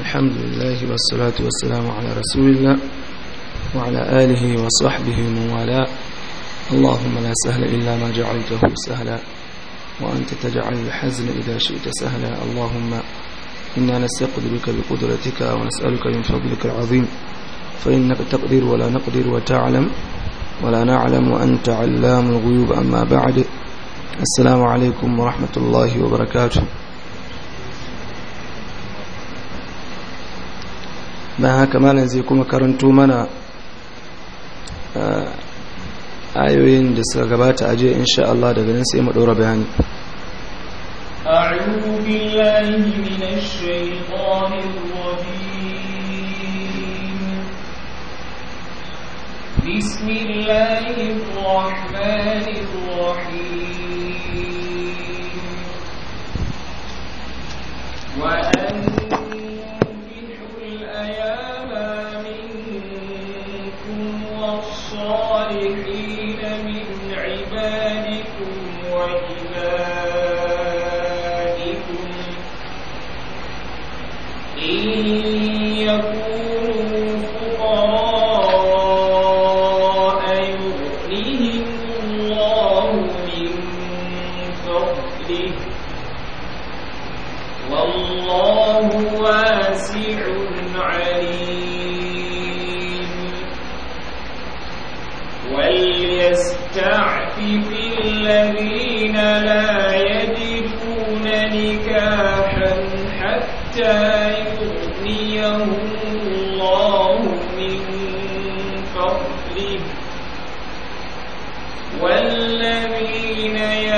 الحمد لله والصلاة والسلام على رسول الله وعلى آله وصحبه الموالاة اللهم لا سهل إلا ما جعلته سهلا وأنت تجعل الحزن إذا شئت سهلا اللهم إنا نستقدرك بقدرتك ونسألك من فضلك العظيم فإنك تقدر ولا نقدر وتعلم ولا نعلم وأنت علام الغيوب أما بعد السلام عليكم ورحمة الله وبركاته don haka malam zai kuma karanto mana ayoyin da suka gabata a jiya insha Allah daga nan sai mu ɗora bayani بسم الله الرحمن الرحيم وأن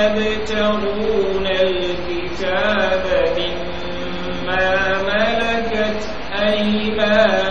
يبتغون الكتاب مما ملكت أيمانهم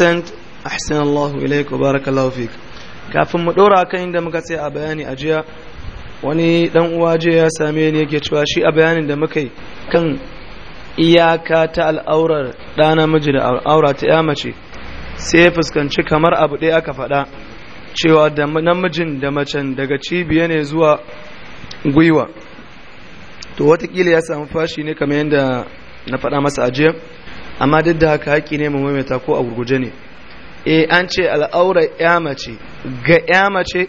ahsant ahsanallahu ilayka barakallahu fik kafin mu dora kan inda muka tsaya a bayani a jiya wani dan uwa je ya same ni yake cewa shi a bayanin da muka yi kan iyaka ta al'aurar da namiji da al'aura ta ya mace sai ya fuskanci kamar abu ɗaya aka faɗa cewa da namijin da macen daga cibiya ne zuwa gwiwa to watakila ya samu fashi ne kamar yadda na faɗa masa ajiyar amma duk da haka haƙƙi ne mu maimaita ko a gurguje ne e an ce al'aurar ya mace ga ya mace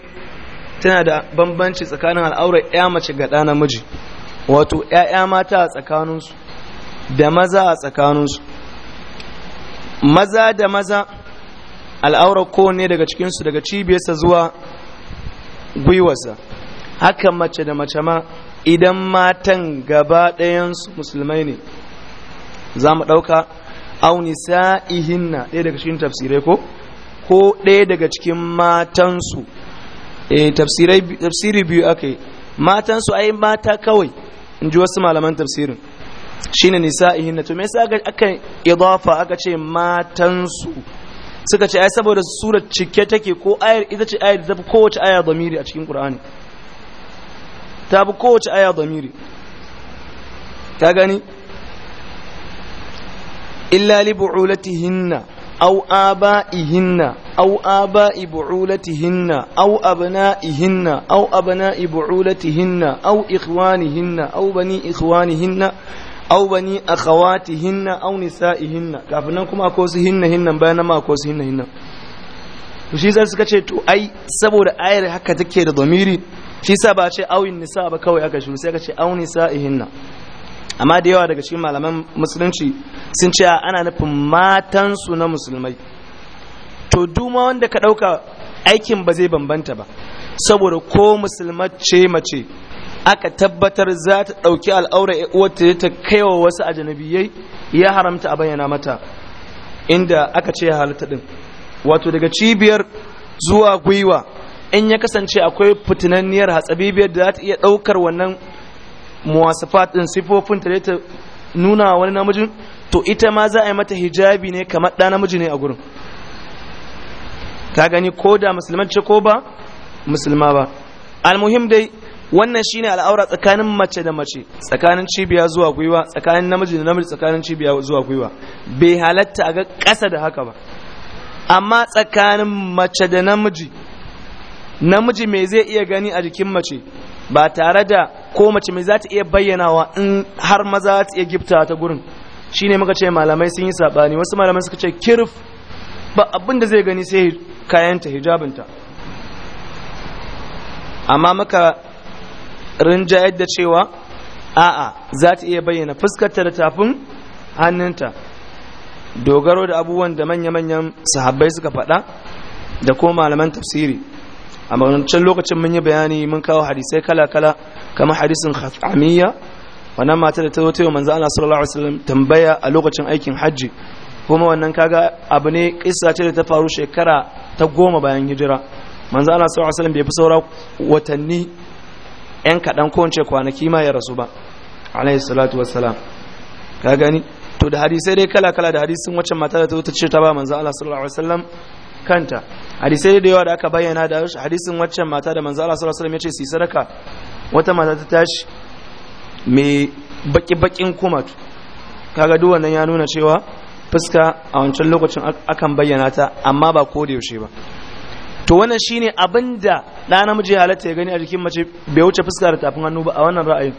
tana da bambanci tsakanin al'aurar ya mace ga ɗa namiji wato ‘ya'ya mata a tsakaninsu da maza a tsakaninsu maza da maza al'aurar ne daga cikinsu daga cibiyarsa zuwa gwiwarsa haka mace da mace ma idan matan gaba ɗayansu musulmai ne za mu ɗauka aw nisa'ihinna ɗaya daga cikin tafsirai ko ko ɗaya daga cikin matansu eh tafsirai tafsiri biyu yi. matansu ai mata kawai in ji wasu malaman tafsirin shine nisa'ihinna to me yasa aka idafa aka ce matansu suka ce ai saboda surar cike take ko ayar ita ce ayar da kowace aya zamiri a cikin Qur'ani ta bi kowace aya zamiri ta gani illa li bu'ulatihinna aw aba'ihinna aw aba'i bu'ulatihinna aw abna'ihinna aw abna'i bu'ulatihinna aw ikhwanihinna aw bani ikhwanihinna aw bani akhawatihinna aw nisa'ihinna kafin nan kuma akwai su hinna hinnan bayan nan ma akwai su hinna hinnan to shi zai suka ce to ai saboda ayar haka take da zamiri shi ba ce awin nisa ba kawai aka shi sai aka ce aw nisa'ihinna amma da yawa daga cikin malaman musulunci sun ce ana nufin matansu na musulmai to duma wanda ka ɗauka aikin ba zai bambanta ba saboda ko musulmace mace aka tabbatar za ta ɗauki al'aura wata ta kai kaiwa wasu ajanabiyai ya haramta a bayyana mata inda aka ce halitta ɗin wato daga cibiyar zuwa gwiwa in ya kasance akwai fitinanniyar hatsabibiyar da za ta iya ɗaukar wannan muwasafat din sifofin ta ta nuna wani namijin to ita ma za a yi mata hijabi ne kamar ɗa namiji ne a gurin Ta gani ko da musulmanci ko ba musulma ba almuhim dai wannan shine al'aura tsakanin mace da mace tsakanin cibiya zuwa gwiwa tsakanin namiji da namiji tsakanin cibiya zuwa gwiwa bai halatta a ga ƙasa da haka ba amma tsakanin mace da namiji namiji me zai iya gani a jikin mace ba tare da ko mace mai za ta iya bayyanawa in har maza ta iya gifta ta gurin shine muka ce malamai sun yi sabani wasu malamai suka ce kirif ba abin da zai gani sai kayanta hijabinta amma muka rinjayar yadda cewa a'a za ta iya bayyana fuskarta da tafin hannunta dogaro da abubuwan da manya-manyan sahabbai suka faɗa da ko malaman tafsiri a magancan lokacin mun yi bayani mun kawo hadisai kala-kala kamar hadisin khaf'amiyya wannan mata da ta zo ta yi manzo Allah sallallahu alaihi wasallam tambaya a lokacin aikin hajji kuma wannan kaga abu ne kissa ce da ta faru shekara ta goma bayan hijira manzo Allah sallallahu alaihi wasallam bai fi saura watanni yan kaɗan ko wance kwanaki ma ya rasu ba alaihi salatu wassalam ka gani to da hadisai dai kala-kala da hadisin wacce mata da ta zo ta ce ta ba manzo Allah sallallahu alaihi wasallam kanta hadisai da yawa da aka bayyana da hadisin waccan mata da manzo Allah sallallahu alaihi wasallam ya ce su sadaka wata mata ta tashi mai baki bakin kuma kaga duk wannan ya nuna cewa fuska a wancan lokacin akan bayyana ta amma ba ko da yaushe ba to wannan shine abinda da namiji halatta ya gani a jikin mace bai wuce fuska da tafin hannu ba a wannan ra'ayin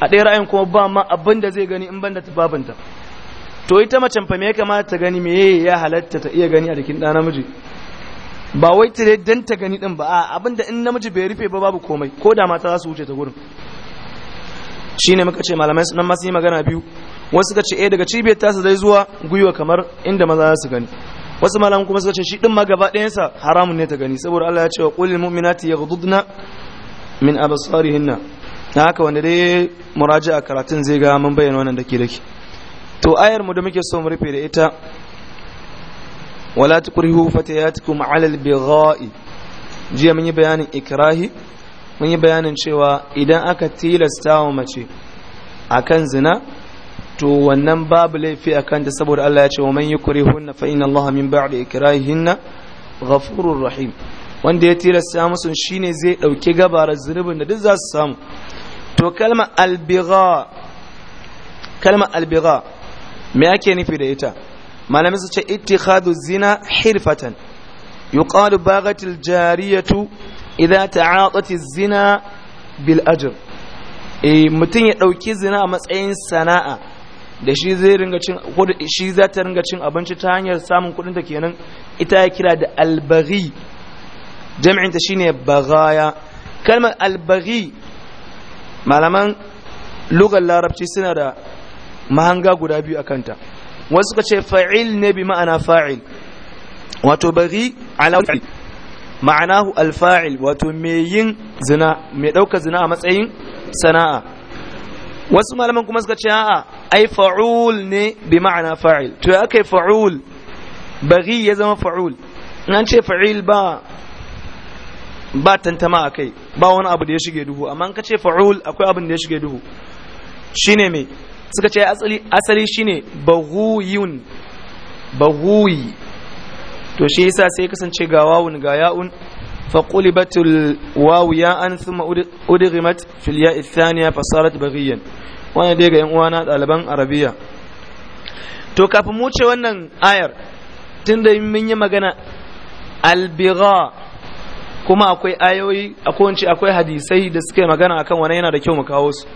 a ɗaya ra'ayin kuma ba ma abinda zai gani in banda tufafin to ita macen fa me ya kamata ta gani me ya halatta ta iya gani a jikin da namiji ba wai tire dan ta gani din ba a abinda in namiji bai rufe ba babu komai ko da mata za su wuce ta gurin shine muka ce malamai nan masu yi magana biyu wasu ka ce eh daga cibiyar tasa zai zuwa gwiwa kamar inda maza za su gani wasu malamai kuma suka ce shi din ma gaba ɗayansa haramun ne ta gani saboda Allah ya ce wa qulil mu'minati yaghdudna min absarihinna na haka wanda dai muraji'a karatun zai ga mun bayyana wannan dake dake to ayar mu da muke so mu rufe da ita wala tukrihu fatayatikum ala albigha'i jiya mun yi bayanin ikrahi mun yi bayanin cewa idan aka tilasta wa mace akan zina to wannan babu laifi akan ta saboda Allah ya ce wa man yukrihunna fa inna Allah min ba'di ikrahihinna ghafurur rahim wanda ya tilasta musu shine zai dauki gabarar zunubin da duk za su samu to kalma albigha kalma albigha me ake nufi da ita malamai su ce ittikhadu zina hirfatan yuqalu baghatil jariyatu idza ta'atat zina bil ajr eh mutun ya dauki zina a matsayin sana'a da shi zai ringa cin shi za ta ringa cin abinci ta hanyar samun kudin ta kenan ita ya kira da albaghi jam'in ta shine baghaya kalmar albaghi malaman lugar larabci suna da mahanga guda biyu a kanta wasu suka ce fa'il ne bi ma'ana fa'il wato bari ala ma'anahu alfa'il wato mai yin zina mai ɗaukar zina a matsayin sana'a wasu malaman kuma suka ce a'a ai fa'ul ne bi ma'ana fa'il to ya aka fa'ul bari ya zama fa'ul in an ce fa'il ba ba tantama a kai ba wani abu da ya shige duhu amma in ka ce fa'ul akwai abin da ya shige duhu shine mai suka ce asali asali shine baghuyun baghuyi to shi yasa sai kasance ga wawun ga ya'un ya an ياء ثم rimat filiya الياء الثانية فصارت wani dai ga ان na ɗaliban arabiya to kafin mu ce wannan ayar tunda mun yi magana albigha kuma akwai ayoyi akwai hadisai da suke magana akan wani yana da kyau mu kawo su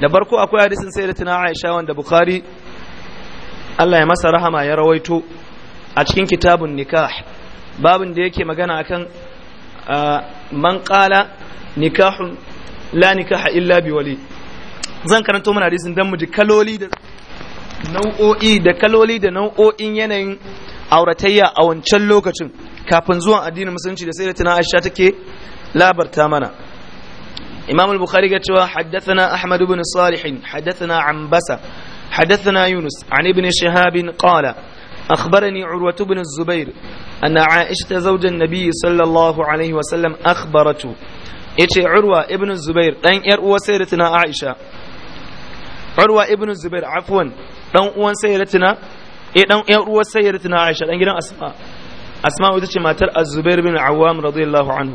da barko akwai hadisin sai da tuna aisha wanda bukari. allah ya masa rahama ya rawaito a cikin kitabun nikah babin da yake magana akan man kala nikahun la nikaha illa bi wali zan karanto mana hadisin dan mu ji kaloli da nau'o'i da kaloli da nau'o'in yanayin auratayya a wancan lokacin kafin zuwan addinin musulunci da sai da tuna aisha take labarta mana إمام البخاري bukhari حدثنا أحمد بن صالح حدثنا عن haddathana حدثنا يونس عن ابن شهاب قال أخبرني عروة بن الزبير أن عائشة زوج النبي صلى الله عليه وسلم أخبرته إيش عروة ابن الزبير لن يرؤوا سيرتنا عائشة عروة ابن الزبير عفوا لن أوان سيرتنا إيه لن يرؤوا سيرتنا عائشة لن يرؤوا أسماء أسماء ما ترأى الزبير بن عوام رضي الله عنه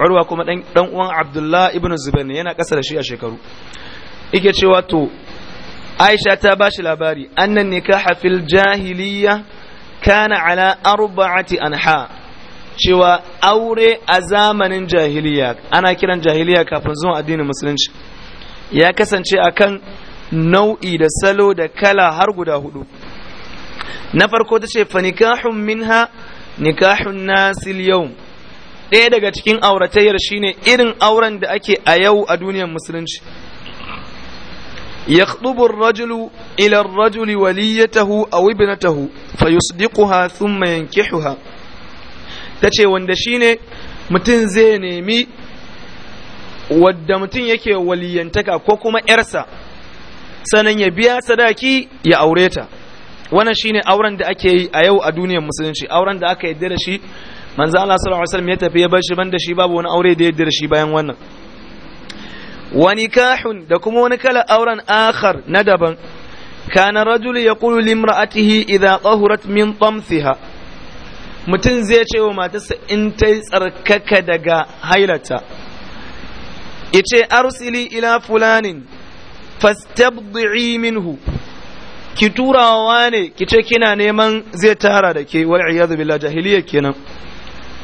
urwa kuma dan uwan Abdullahi ibn zubair ne yana kasa da shi a shekaru yake cewa to aisha ta bashi labari annan nikaha fil jahiliya kana ala arba'ati anha cewa aure a zamanin jahiliya ana kiran jahiliya kafin zuwa addinin musulunci ya kasance akan nau'i da salo da kala har guda hudu na farko ta ce fa nikahun minha nikahun nasil yau ɗaya daga cikin auratayyar shine irin auren da ake a yau a duniyar musulunci يخطب الرجل إلى الرجل ha أو mayan فيصدقها ثم Ta tace wanda shine mutum zai nemi wadda mutum yake waliyyantaka ko kuma ‘yarsa sanan ya biya sadaki ya aure ta wannan shine auren da ake yi a yau a duniyar musulunci auren da aka yarda da shi manzo Allah sallallahu alaihi wasallam ya tafi ya bar shi banda shi babu wani aure da ya da shi bayan wannan wa nikahun da kuma wani kala auren akhar na daban kana rajul yaqulu limra'atihi idha tahurat min tamsiha mutum zai ce wa matarsa in ta tsarkaka daga hailata yace arsili ila fulanin fastabdi'i minhu ki turawa ne ki ce kina neman zai tara da ke wal iyadu billah jahiliya kenan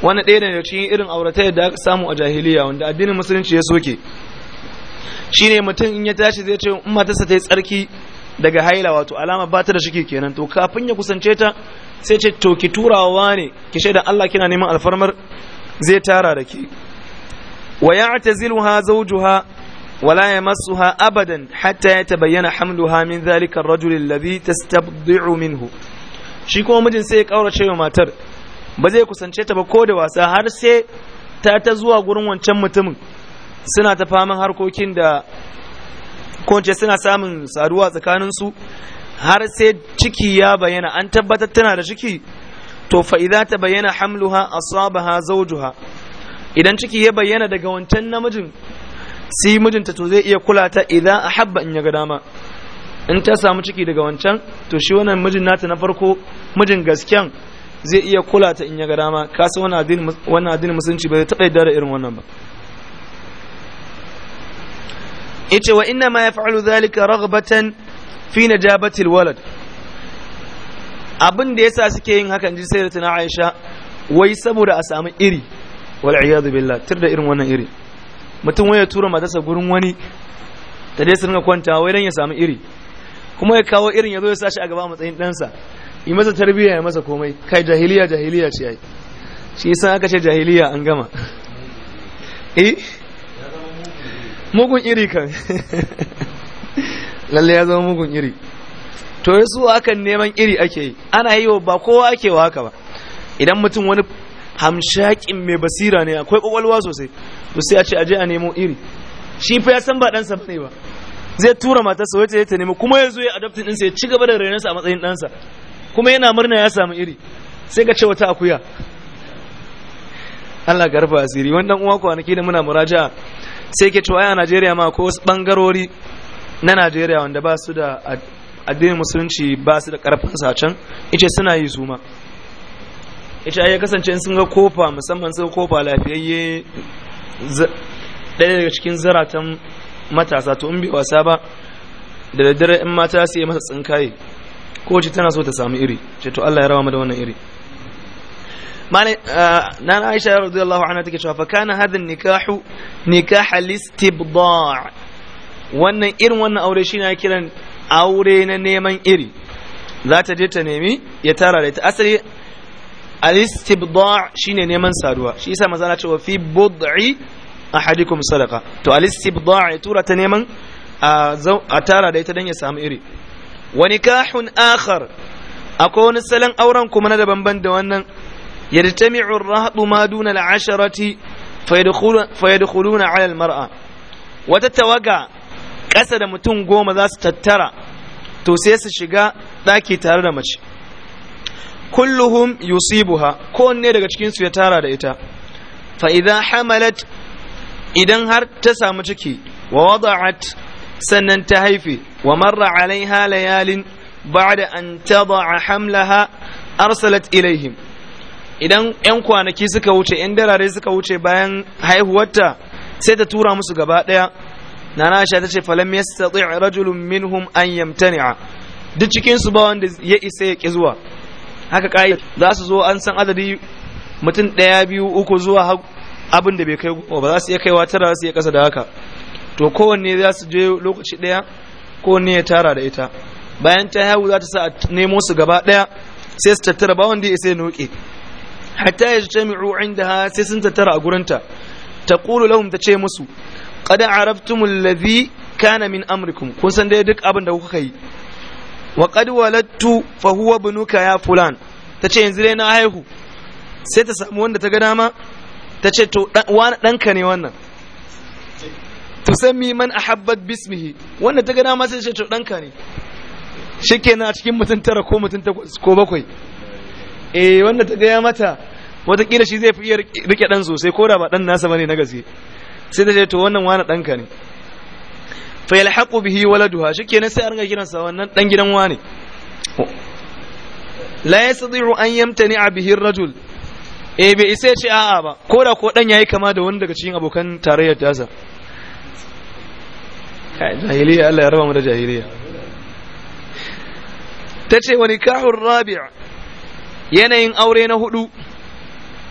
wani ɗaya daga cikin irin aurata da aka samu a jahiliya wanda addinin musulunci ya soke Shi ne mutum in ya tashi zai ce in matarsa ta yi tsarki daga haila wato alama ba ta da shike kenan to kafin ya kusance ta sai ce to ki turawa ne ki shaida Allah kina neman alfarmar zai tara da ki wa ya'taziluha zawjuha ولا يمسها أبدا حتى يتبين حملها من ذلك الرجل الذي تستبضع منه shi kuma mijin sai ya kaurace wa matar ba zai kusance ta ba ko da wasa har sai ta ta zuwa gurin wancan mutumin suna ta faman harkokin da kowace suna samun saduwa su har sai ciki ya bayyana an tabbatar tana da ciki to fa'iza ta bayyana hamluha asabaha zaujuha idan ciki ya bayyana daga wancan namijin si mijinta to zai iya kula ta idan ahabba in ya dama in ta samu ciki daga wancan to shi wannan mijin nata na farko mijin gasken zai iya kula ta in ya ga dama kasu wani addinin wannan ba musulunci bai taɓa yadda da irin wannan ba yace wa inna ma fa'alu zalika raghbatan fi najabati walad abin da yasa suke yin hakan ji sai tana Aisha wai saboda a samu iri wal iyad billah da irin wannan iri mutum waya tura matarsa gurin wani ta dai su rinka kwanta wai dan ya samu iri kuma ya kawo irin ya zo ya sashi a gaba matsayin ɗansa yi masa tarbiyya ya masa komai kai jahiliya jahiliya ce ai shi yasa aka ce jahiliya an gama eh mugun iri kan lalle ya zama mugun iri to yasu akan neman iri ake yi ana yi wa ba kowa ake wa haka ba idan mutum wani hamshakin mai basira ne akwai kwakwalwa sosai to sai a ce aje a nemo iri shi fa ya san ba dan sa bane ba zai tura matarsa wace ya ta nemi kuma ya zo ya adoptin ɗinsa ya ci gaba da renansa a matsayin ɗansa kuma yana murna ya samu iri sai ka ce wata akuya Allah Garba rufa asiri wannan uwa kwanaki da muna muraja sai ke to a Najeriya ma ko wasu bangarori na Najeriya wanda ba su da addinin musulunci ba su da karfin sa can ice suna yi su ma ai ya kasance in sun ga kofa musamman sun kofa lafiyayye daya daga cikin zaratan matasa to in bi wasa ba da daddare in mata su yi masa tsinkaye ko kowace tana so ta samu iri ce to Allah ya rawa da wannan iri malai ah, na Aisha radiyallahu anha take cewa fa kana hadha nikahu nikah al-istibda' wannan irin wannan aure shine ake kiran aure na neman iri za ta je ta nemi ya tara da ita asali al-istibda' shine neman saduwa shi yasa maza na cewa fi bud'i ahadikum sadaqa to al-istibda' tura ta neman ah, a tara da ita dan ya samu iri wani kahun akhar akwai wani salon auren kuma na daban da wannan yartami'u rahdu ma duna al'asharati fayadkhuluna 'ala al-mar'a wata tawaga ƙasa da mutum goma za su tattara to su shiga ɗaki tare da mace kulluhum yusibuha kowanne daga cikin su ya tara da ita fa idan hamalat idan har ta samu ciki wa wada'at sannan ta haife wa marra alaiha layalin da an taba hamla hamlaha arsalat ilaihim idan yan kwanaki suka wuce yan darare suka wuce bayan haihuwarta sai ta tura musu gaba daya nasha ta ce falam yastati rajulun minhum an yamtani'a duk cikinsu ba wanda ya isa ya ki zuwa haka kai za su zo an san adadi mutum daya biyu uku zuwa abin da bai kai ba za su iya kaiwa tara su iya kasa da haka to kowanne za su je lokaci ɗaya kowanne ya tara da ita bayan ta haihu za ta sa a nemo su gaba ɗaya sai su tattara ba wanda ya sai noke hatta ya da ha sai sun tattara a gurinta ta qulu lahum ta ce musu qad araftumul ladhi kana min amrikum kun san dai duk abin da kuka yi wa qad walattu fa huwa ya fulan ta ce yanzu dai na haihu sai ta samu wanda ta ga dama ta ce to ɗanka ne wannan tusammi man ahabbat bismihi wanda ta gana dama sai ce to danka ne shikenan a cikin mutum tara ko mutum takwas ko bakwai eh wanda ta gaya mata watakila shi zai fi iya rike dan sosai ko da ba dan nasa bane na gaske sai ta ce to wannan wani danka ne fa yalhaqu bihi waladuha shikenan sai a ringa sa wannan dan gidan wani la yastati'u an yamtani'a bihi ar-rajul eh bai isa ce a'a ba ko da ko dan yayi kama da wani daga cikin abokan tarayyar tasa jahiliya Allah ya raba mu da jahiliya tace wani nikahur rabi' yanayin aure na hudu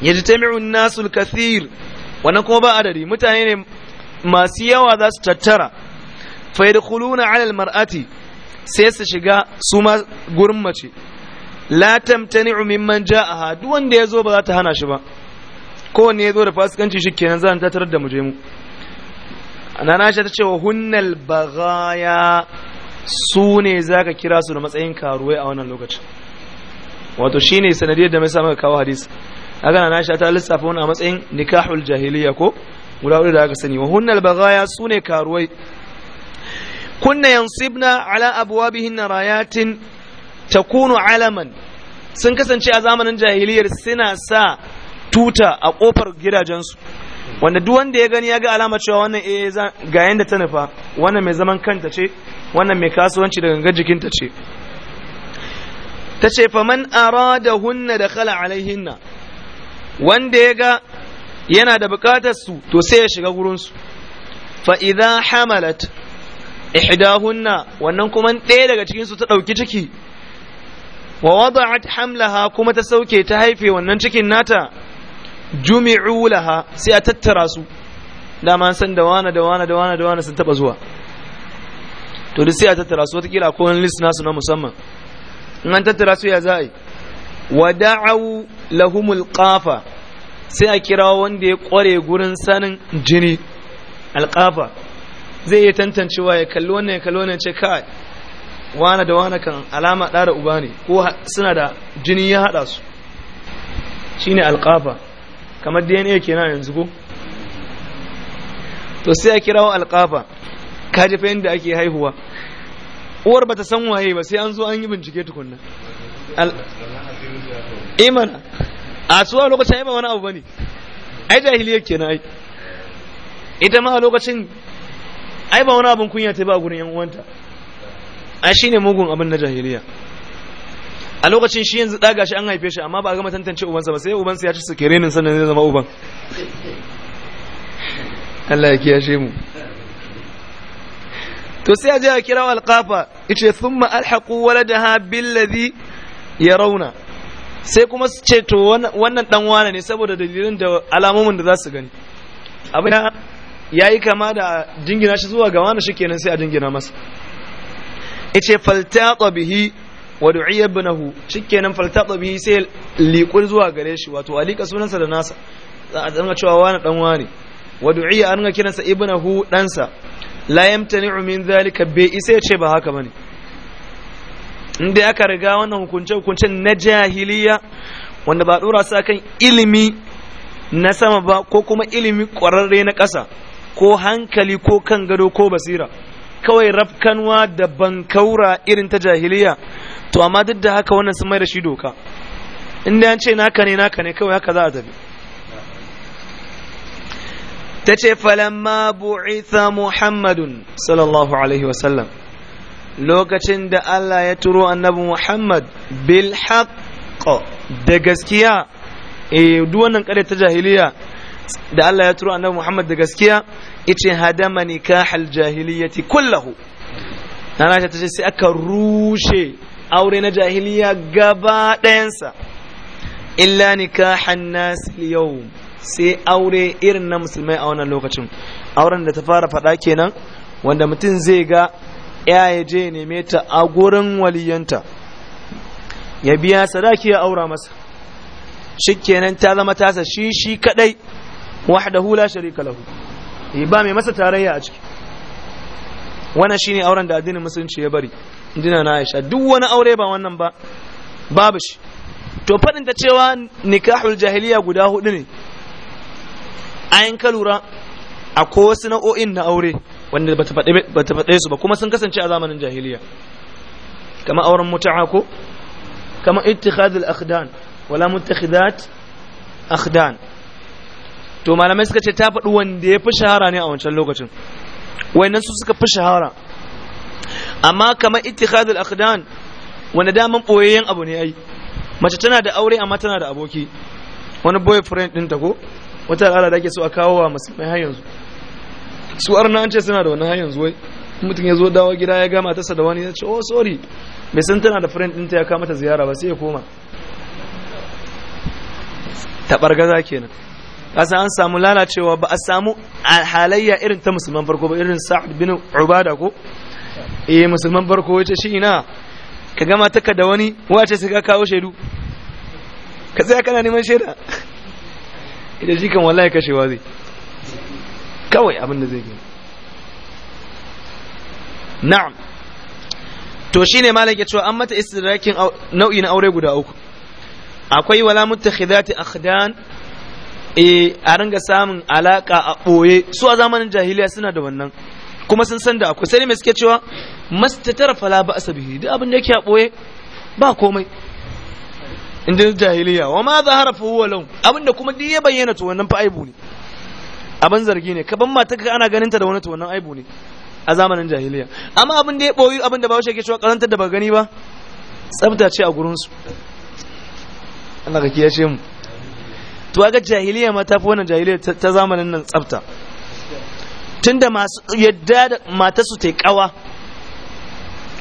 yajtami'u an-nasul kathir wannan kuma ba adadi mutane ne masu yawa za su tattara fa yadkhuluna 'ala al-mar'ati sai su shiga su ma gurin mace la tamtani'u mimman ja'aha duk wanda yazo ba za ta hana shi ba kowanne yazo da fasikanci shikenan za ta tarar da mu je mu nana Aisha ta ce wa hunnal bagaya su ne ka kira su da matsayin karuwai a wannan lokacin wato shine sanadiyar da mai samun kawo hadisi haka nana Aisha ta lissafa wani a matsayin nikahul jahiliya ko guda hudu da aka sani wa hunnal bagaya su ne karuwai kunna yansibna ala abwabihin rayatin takunu alaman sun kasance a zamanin jahiliyar suna sa tuta a kofar gidajensu wanda duk wanda ya gani ya ga alama cewa wannan eh ga yanda ta nufa wannan mai zaman kanta ce wannan mai kasuwanci da gangar jikinta ce ta ce man arada hunna da khala alaihinna wanda ya ga yana da bukatar su to sai ya shiga gurin su fa idha hamalat ihdahunna wannan kuma ɗaya daga cikin su ta dauki ciki wa wada'at hamlaha kuma ta sauke ta haife wannan cikin nata jumi'u laha sai a tattara su dama san da wani da wani da wani da wani sun taba zuwa to duk sai a tattara su watakila ko wani list nasu na musamman in an tattara su ya za a yi wa da'awu lahumul qafa sai a kira wanda ya kware gurin sanin jini alqafa zai iya tantancewa ya kalli wannan ya kalli wannan ce kai wana da wana kan alama ɗara uba ne ko suna da jini ya haɗa su shine alqafa kamar dna kenan yanzu ko to sai a kirawo alƙafa ka jefa yadda ake haihuwa uwar bata san waye ba sai an zo an yi bincike tukunna imana eh a suwa lokacin ba wani abu bane ai jahiliya kenan ai ita ma a lokacin ai ba wani abun kunya ta ba gurin yan uwanta ai shine mugun abin na jahiliya a lokacin shi yanzu daga shi an haife shi amma ba a gama tantance ubansa ba sai ubansa ya ci su kerenin sannan zai zama uban Allah ya kiyashe mu to sai a je a kira alqafa yace thumma alhaqu waladaha billadhi yarawna sai kuma su ce to wannan dan wane ne saboda dalilin da alamomin da za su gani abin ya yi kama da jingina shi zuwa ga wani shi kenan sai a jingina masa ice faltaqa bihi wa du'iya ibnahu shikenan faltaba bihi sai liqul zuwa gare shi wato alika sunansa da nasa za a danga cewa wani dan wani wa du'iya an ga kiransa ibnahu dansa la yamtani'u min zalika bai isa ce ba haka bane inda aka riga wannan hukunce hukunce na jahiliya wanda ba dora sa kan ilimi na sama ba ko kuma ilimi kwararre na ƙasa ko hankali ko kan gado ko basira kawai rafkanwa da bankaura irin ta jahiliya to amma duk da haka wannan sun mai da shi doka inda an ce naka ne naka ne kawai haka za a tafi ta ce falamma bu'itha muhammadun sallallahu alaihi wasallam lokacin da Allah ya turo annabi muhammad bil haqq da gaskiya eh duk wannan kare ta jahiliya da Allah ya turo annabi muhammad da gaskiya ice hadama nikahal jahiliyyati kullahu nana ta ce sai aka rushe aure na jahiliya gaba ɗayansa illa nikahan nas yau sai aure irin na musulmai a wannan lokacin auren da ta fara faɗa kenan wanda mutum zai ga ya je neme ta a gurin waliyanta ya biya sadaki ya aura masa shikenan ta zama tasa shi shi kadai wahdahu la sharika lahu Eh, ba mai masa tarayya a ciki wannan shine auren da addinin musulunci ya bari dina na Aisha duk wani aure ba wannan ba babu shi to fadin ta cewa nikahul jahiliya guda hudu ne ayin ka lura ko wasu nau'o'in na aure wanda bata faɗe su ba kuma sun kasance a zamanin jahiliya kama auren mutu'a ko kama ittikhadul akhdan wala muttakhidat akhdan to malamai suka ce ta faɗi wanda ya fi shahara ne a wancan lokacin wayannan su suka fi shahara amma kamar ittikhadul aqdan wanda daman boyayyen abu ne ai mace tana da aure amma tana da aboki wani boyfriend ɗinta ko wata al'ada da ake so a kawo wa musulmai har yanzu su arna an ce suna da wani har yanzu wai mutum ya zo dawo gida ya gama tasa da wani ya ce oh sorry Me san tana da friend ɗinta ya kama ta ziyara ba sai ya koma taɓargaza kenan kasa an samu lalacewa ba a samu halayya irin ta musulman farko ba irin sa'ad bin ubada ko eh musulman farko wace shi ina ka gama taka da wani wace sai ka kawo shaidu ka tsaya kana neman shaida idan shi kan wallahi kashewa zai kawai abin da zai yi na'am to shine malam ya cewa an mata istidrakin nau'i na aure guda uku akwai wala muttakhidati akhdan eh a ringa samun alaka a ɓoye su a zamanin jahiliya suna da wannan kuma sun san da akwai sai mai suke cewa mastatara fala ba asabihi duk abin da yake a ɓoye ba komai in jahiliya wa ma za fa huwa law abin da kuma duk ya bayyana to wannan fa aibu ne abin zargi ne ban mata ka ana ganin ta da wani to wannan aibu ne a zamanin jahiliya amma abin da ya ɓoyi abin da ba shi ke cewa karantar da ba gani ba tsabta ce a gurinsu Allah ka kiyace mu to ga jahiliya ma ta fi wannan jahiliya ta zamanin nan tsafta tunda masu yadda da mata su tai kawa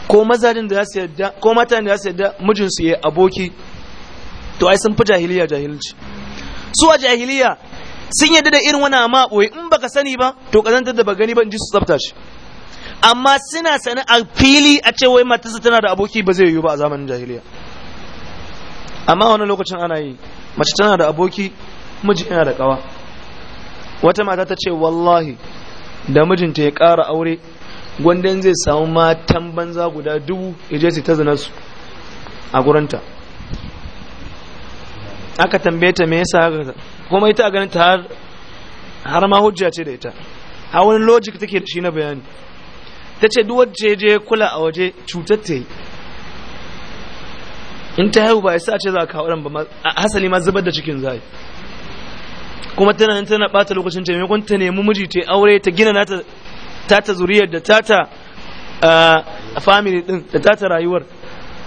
ko mazajen da za su yadda ko matan da za su yadda mijinsu ya aboki to ai sun fi jahiliya jahilci su a jahiliya sun yadda da irin wani amma ɓoye in baka sani ba to kazantar da ba gani ba in ji su tsafta shi amma suna sani a fili a ce wai matarsa tana da aboki ba zai yiwu ba a zamanin jahiliya amma wani lokacin ana yi mace tana da aboki miji yana da kawa wata mata ta ce wallahi da mijinta ya ƙara aure gwandan zai samu matan banza guda dubu je su ta zina su a gurinta aka tambaye ta me yasa haka kuma ita ganin ta har ma hujja ce da ita a wani logic take da shi na bayani ta ce duk wacce je kula a waje cutar ta yi in ta haihu ba sa ce za ka kawo ran ba hasali ma zubar da cikin zai kuma tana nan tana bata lokacin ta maimakon ta nemi miji ta aure ta gina nata ta zuriyar da ta ta family din da ta ta rayuwar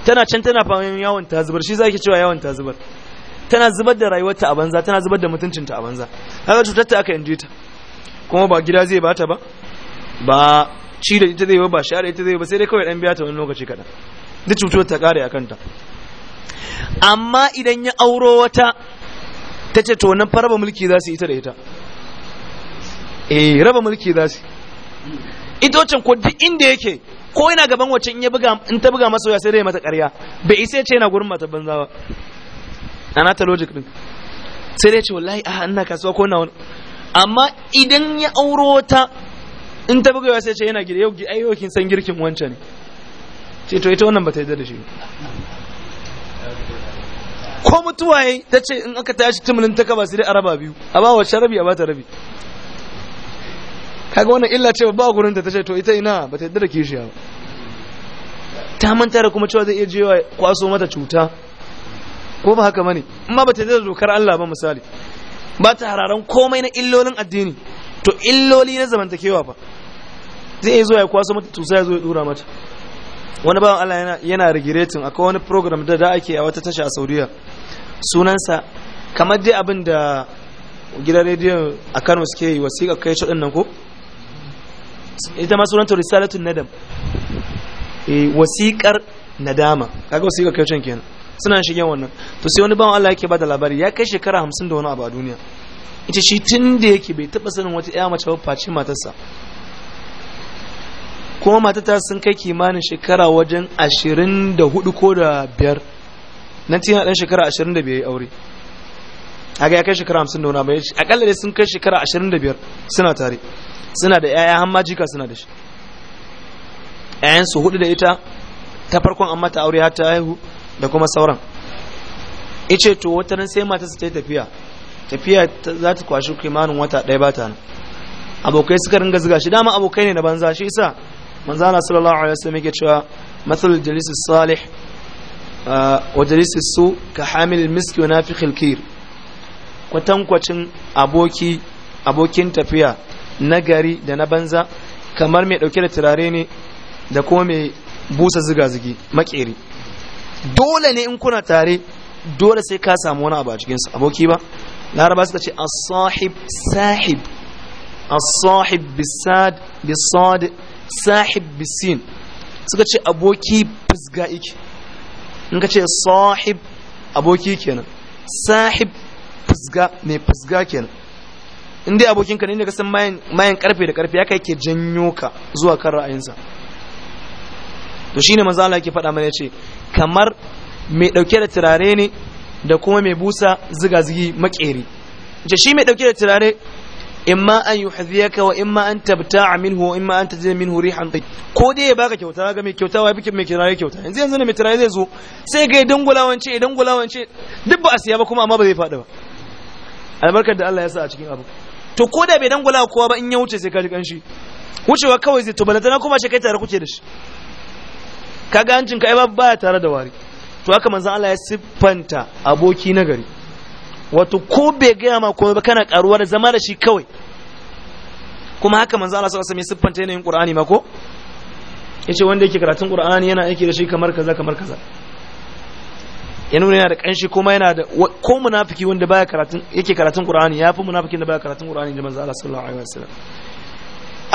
tana can tana famin yawon ta zubar shi zaki cewa yawon ta zubar tana zubar da rayuwarta a banza tana zubar da mutuncinta a banza Haka cutar ta aka inje ta kuma ba gida zai bata ba ba ci da ita zai ba ba share ita zai ba sai dai kawai dan biya ta wani lokaci kaɗan. duk cutar ta kare a kanta amma idan ya auro wata ta ce to nan raba mulki za su ita da ita eh raba mulki za su ita waccan ko duk inda yake ko yana gaban wacce in ya buga in ta buga masa sai dai mata ƙarya bai isa ce yana gurin mata banza ba ana ta logic din sai dai ce wallahi a ina kasuwa ko na wani amma idan ya auro wata, in ta buga sai ce yana gida yau ayyukin san girkin wancan ce to ita wannan ba ta yarda da shi ko mutuwa yayi ta ce in aka tashi tumulin ta kaba sai dai araba biyu a ba wacce rabi a bata rabi kaga wannan illa ce ba gurin ta tace to ita ina ba ta yadda da kishiya ba ta manta da kuma cewa zai iya jewa kwaso mata cuta ko ba haka bane amma ba ta yadda dokar Allah ba misali ba ta hararan komai na illolin addini to illoli na zamantakewa fa zai iya zo ya kwaso mata tusa ya zo ya dura mata wani bawan Allah yana yana rigiretin akwai wani program da da ake a wata tasha a Saudiya sunansa kamar dai abin da gidan rediyo a Kano suke yi wasiƙa kai shi nan ko ita ma sunanta risalatun nadam eh wasiƙar nadama kaga wasiƙa kai shi kenan suna shigen wannan to sai wani bawan Allah yake bada labari ya kai shekara 50 da wani abu a duniya ita shi tun da yake bai taba sanin wata ƴa mace ba face matarsa kuma matata sun kai kimanin shekara wajen ashirin da hudu ko da biyar nan tiyana ɗan shekara ashirin da biyar aure a ga ya kai shekara hamsin da wani mai akalla dai sun kai shekara ashirin da biyar suna tare suna da 'ya'ya hamma jika suna da shi 'ya'yansu hudu da ita ta farkon amma ta aure har ta haihu da kuma sauran ice to wata ran sai matarsa ta yi tafiya tafiya za ta kwashi kimanin wata ɗaya ba ta nan abokai suka ringa ziga shi dama abokai ne na banza shi isa manzana sallallahu alaihi wasallam yake cewa mathalul jalis salih uh, wa jalis su ka hamil miski wa nafikhil kir kwatankwacin aboki abokin tafiya na gari da na banza kamar mai dauke da turare ne da kuma mai busa ziga-zigi makeri dole ne in kuna tare dole sai ka samu wani abu a cikinsa aboki ba laraba suka ce as-sahib sahib sahib bisad bisad sahib bisin suka ce aboki fisga in ka ce sahib aboki kenan sahib fisga mai fisga kenan in dai abokinka ne ne ka mayan karfe da karfe ya kai ke janyo ka zuwa kan ra'ayinsa to shi ne Allah ke faɗa mana ce kamar mai ɗauke da turare ne da kuma mai busa zigazigi makeri ce shi mai ɗauke da turare imma an yuhdhiyaka wa imma an tabta'a minhu wa imma an tajid minhu rihan tayyib ko dai ya baka kyauta ga mai kyauta wai fikin mai kirare kyauta yanzu yanzu ne mai kirare zai zo sai ga idan dangulawance idan gulawance duk ba a siya ba kuma amma ba zai fada ba albarkar da Allah ya sa a cikin abu to ko da bai dan gulawa kowa ba in ya wuce sai ka ji kanshi wucewa kawai zai to balantana kuma ce kai tare kuke da shi kaga hancin ka ai ba baya tare da wari to haka manzon Allah ya siffanta aboki na gari. wato ko bai gaya ma komai ba kana karuwa da zama da shi kawai kuma haka manzo Allah sallallahu alaihi wasallam siffanta yin Qur'ani mako yace wanda yake karatun Qur'ani yana aiki da shi kamar kaza kamar kaza ya nuna yana da kanshi kuma yana da ko munafiki wanda baya karatun yake karatun Qur'ani yafi munafikin da baya karatun Qur'ani da manzo Allah sallallahu alaihi wasallam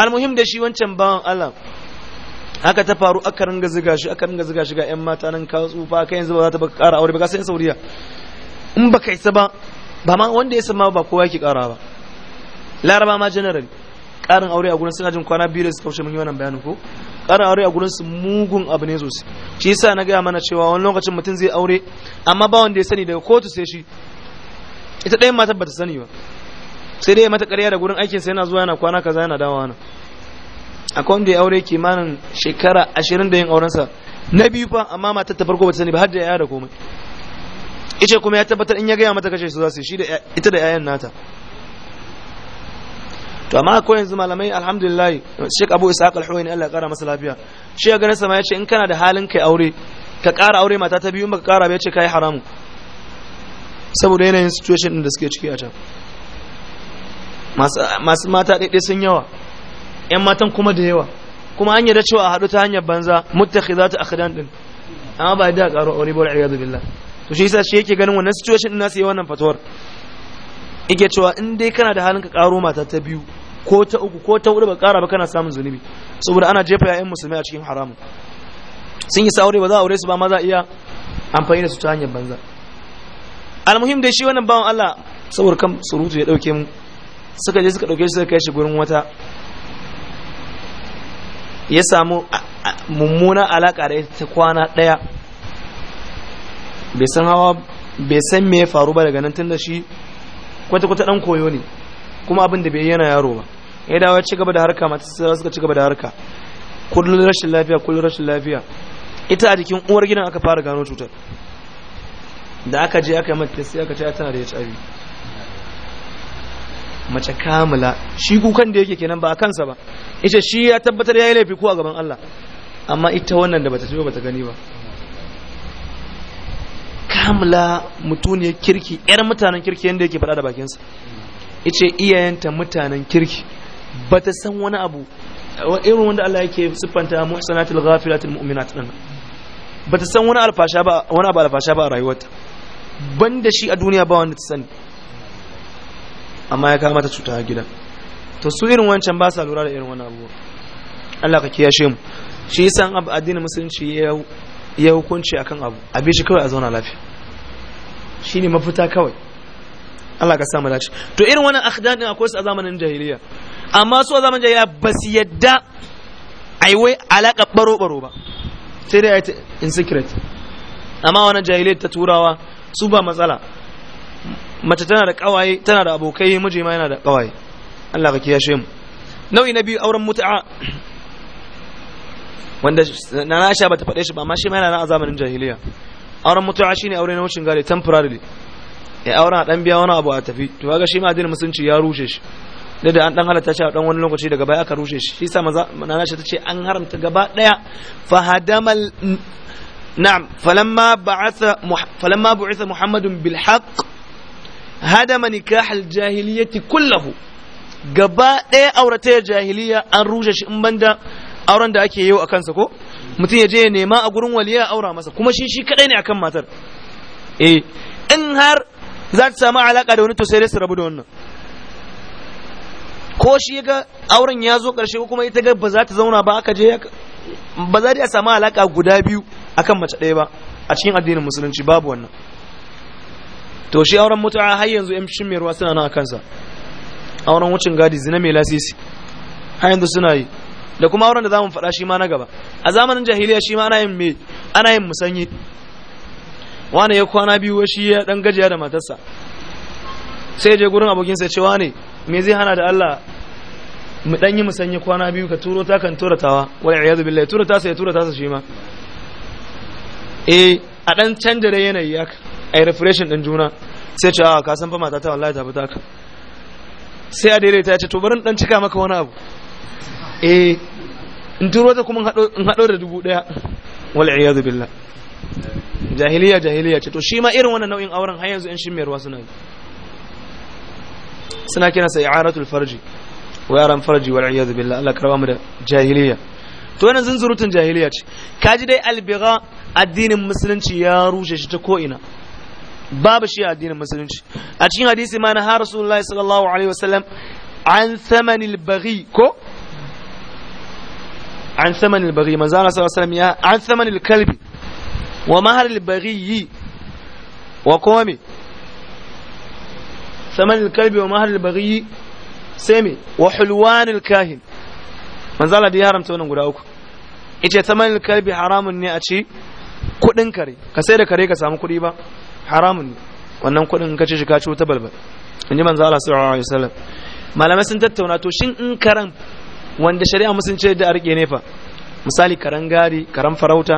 almuhim da shi wancan bawan Allah haka ta faru aka ringa ziga shi aka ringa ziga shi ga ƴan mata nan ka tsufa kai yanzu ba za ta ba ƙara aure ba ka san sauriya in baka isa ba ba ma wanda ya sama ba kowa yake kara ba laraba ma general karin aure a gurin suna jin kwana biyu da suka wuce mun yi bayanin ko karin aure a gurin su mugun abu ne sosai shi yasa na gaya mana cewa wani lokacin mutum zai aure amma ba wanda ya sani daga kotu sai shi ita ɗayan matar bata sani ba sai dai mata ƙarya da gurin aikin sa yana zuwa yana kwana kaza yana dawowa nan akwai wanda ya aure kimanin shekara ashirin da yin aurensa na biyu fa amma matar ta farko bata sani ba har da ya yada komai ice kuma ya tabbatar in ya gaya mata kashe su za su shi ita da 'ya'yan nata to amma ko yanzu malamai alhamdulillah Sheikh Abu isaq Al-Huwaini Allah ya kara masa lafiya shi ya ganin sama ya ce in kana da halin kai aure ka kara aure mata ta biyu ba ka kara bai ce kai haramu saboda yanayin situation din da suke ciki a can masu mata daidai sun yawa yan matan kuma da yawa kuma an yarda cewa a haɗu ta hanyar banza muttakhizatu akhdan din amma ba da karo aure ba wal iyad billah to shi yasa shi yake ganin wannan situation din nasu yi wannan fatuwar yake cewa in dai kana da halin ka karo mata ta biyu ko ta uku ko ta hudu ba kara ba kana samun zunubi saboda ana jefa yayin musulmai a cikin haramun sun yi saurayi ba za a aure su ba ma za a iya amfani da su ta hanyar banza almuhim dai shi wannan bawan Allah saboda kan surutu ya dauke mu suka je suka dauke shi suka kai shi gurin wata ya samu mummuna alaka da ita ta kwana daya bai san hawa bai san me ya faru ba daga nan tun da shi kwata-kwata dan koyo ne kuma abin da bai yana yaro ba ya dawo ya ci gaba da harka matasa suka ci gaba da harka kullum rashin lafiya kullum rashin lafiya ita a jikin uwar gidan aka fara gano cutar da aka je aka yi mata sai aka ce tana da HIV mace kamula shi kukan da yake kenan ba a kansa ba ita shi ya tabbatar ya yi laifi ko a gaban Allah amma ita wannan da bata ci ba bata gani ba kamula mutuniyar kirki yar mutanen kirki yadda yake faɗa da bakinsa ce iyayenta mutanen kirki ba ta san wani abu irin wanda Allah yake siffanta muhsanatul ghafilatul mu'minat din ba ta san wani alfasha ba wani abu alfasha ba a rayuwarta banda shi a duniya ba wanda ta sani amma ya kama ta cuta a gidan to su irin wancan ba sa lura da irin wani abu Allah ka kiyashe mu shi yasa addinin musulunci ya ya hukunci akan abu abin shi kawai a zauna lafiya shine mafita kawai Allah ka samu dace to irin wannan akhdar din akwai su a zamanin jahiliya amma su a zamanin jahiliya ba su yadda ai wai alaka baro baro ba sai dai in secret amma wannan jahiliya ta turawa su ba matsala mace tana da kawaye tana da abokai miji ma yana da kawaye Allah ka kiyashe mu nau'i na biyu auren mutu'a wanda na Aisha bata faɗe shi ba amma shi ma yana nan a zamanin jahiliya auren mutuwa shine aure na wucin gari temporarily ya aure a dan biya wani abu a tafi to kaga shi ma addinin musulunci ya rushe shi da da an dan halatta shi a dan wani lokaci daga baya aka rushe shi shi sa maza na shi tace an haramta gaba daya fa hadamal na'am falamma ba'atha falamma bu'itha muhammadun bil haqq hadama nikah al jahiliyyati kullahu gaba daya aurata jahiliyya an rushe shi in banda auren da ake yau a kansa ko mutum ya je ya nema a gurin waliya aura masa kuma shi shi kadai ne akan matar eh in har za ta samu alaka da wani to sai su rabu da wannan ko shi ga auren ya zo karshe ko kuma ita ga ba za ta zauna ba aka je ba za ta samu alaka guda biyu akan mace ɗaya ba a cikin addinin musulunci babu wannan to shi auren mutu'a har yanzu yan shin mai ruwa suna nan a kansa auren wucin gadi zina mai lasisi har yanzu suna yi da kuma auren da zamu faɗa shi ma na gaba a zamanin jahiliya shi ma ana yin me ana yin musanyi wani ya kwana biyu shi ya dan gajiya da matarsa sai je gurin abokin sa ce ne me zai hana da Allah mu dan yi musanyi kwana biyu ka turo ta kan tura tawa wal iyazu billahi tura ta sai tura ta sa shi ma eh a dan canja da yanayi haka ai refreshin din juna sai ce a ka san fa matata wallahi ta fita ka sai a daidaita ya ce to bari dan cika maka wani abu eh in turo ta kuma in haɗo da dubu ɗaya wal iyadu billah jahiliya jahiliya ce to shi ma irin wannan nau'in auren har yanzu in shin mayarwa suna suna kina sai i'aratul farji wa yaran farji wal iyadu billah Allah karba mu da jahiliya to wannan zunzurutun jahiliya ce kaji dai albiga addinin musulunci ya rushe shi ta ko ina babu shi a addinin musulunci a cikin hadisi ma na har rasulullahi sallallahu alaihi wasallam an thamanil baghi ko an saman albaghi manzo Allah sallallahu alaihi an saman alkalbi wa mahar yi wa kuma me saman alkalbi wa mahar albaghi sai me wa hulwanin alkahin manzo Allah da ya haramta wannan guda uku yace saman alkalbi haramun ne a ce kudin kare ka sai da kare ka samu kudi ba haramun ne wannan kudin ka ci shi ka ci wuta balbal in ji manzo Allah sallallahu malamai sun tattauna to shin in karan wanda shari'a musulunci da a rike ne fa misali karan gari karan farauta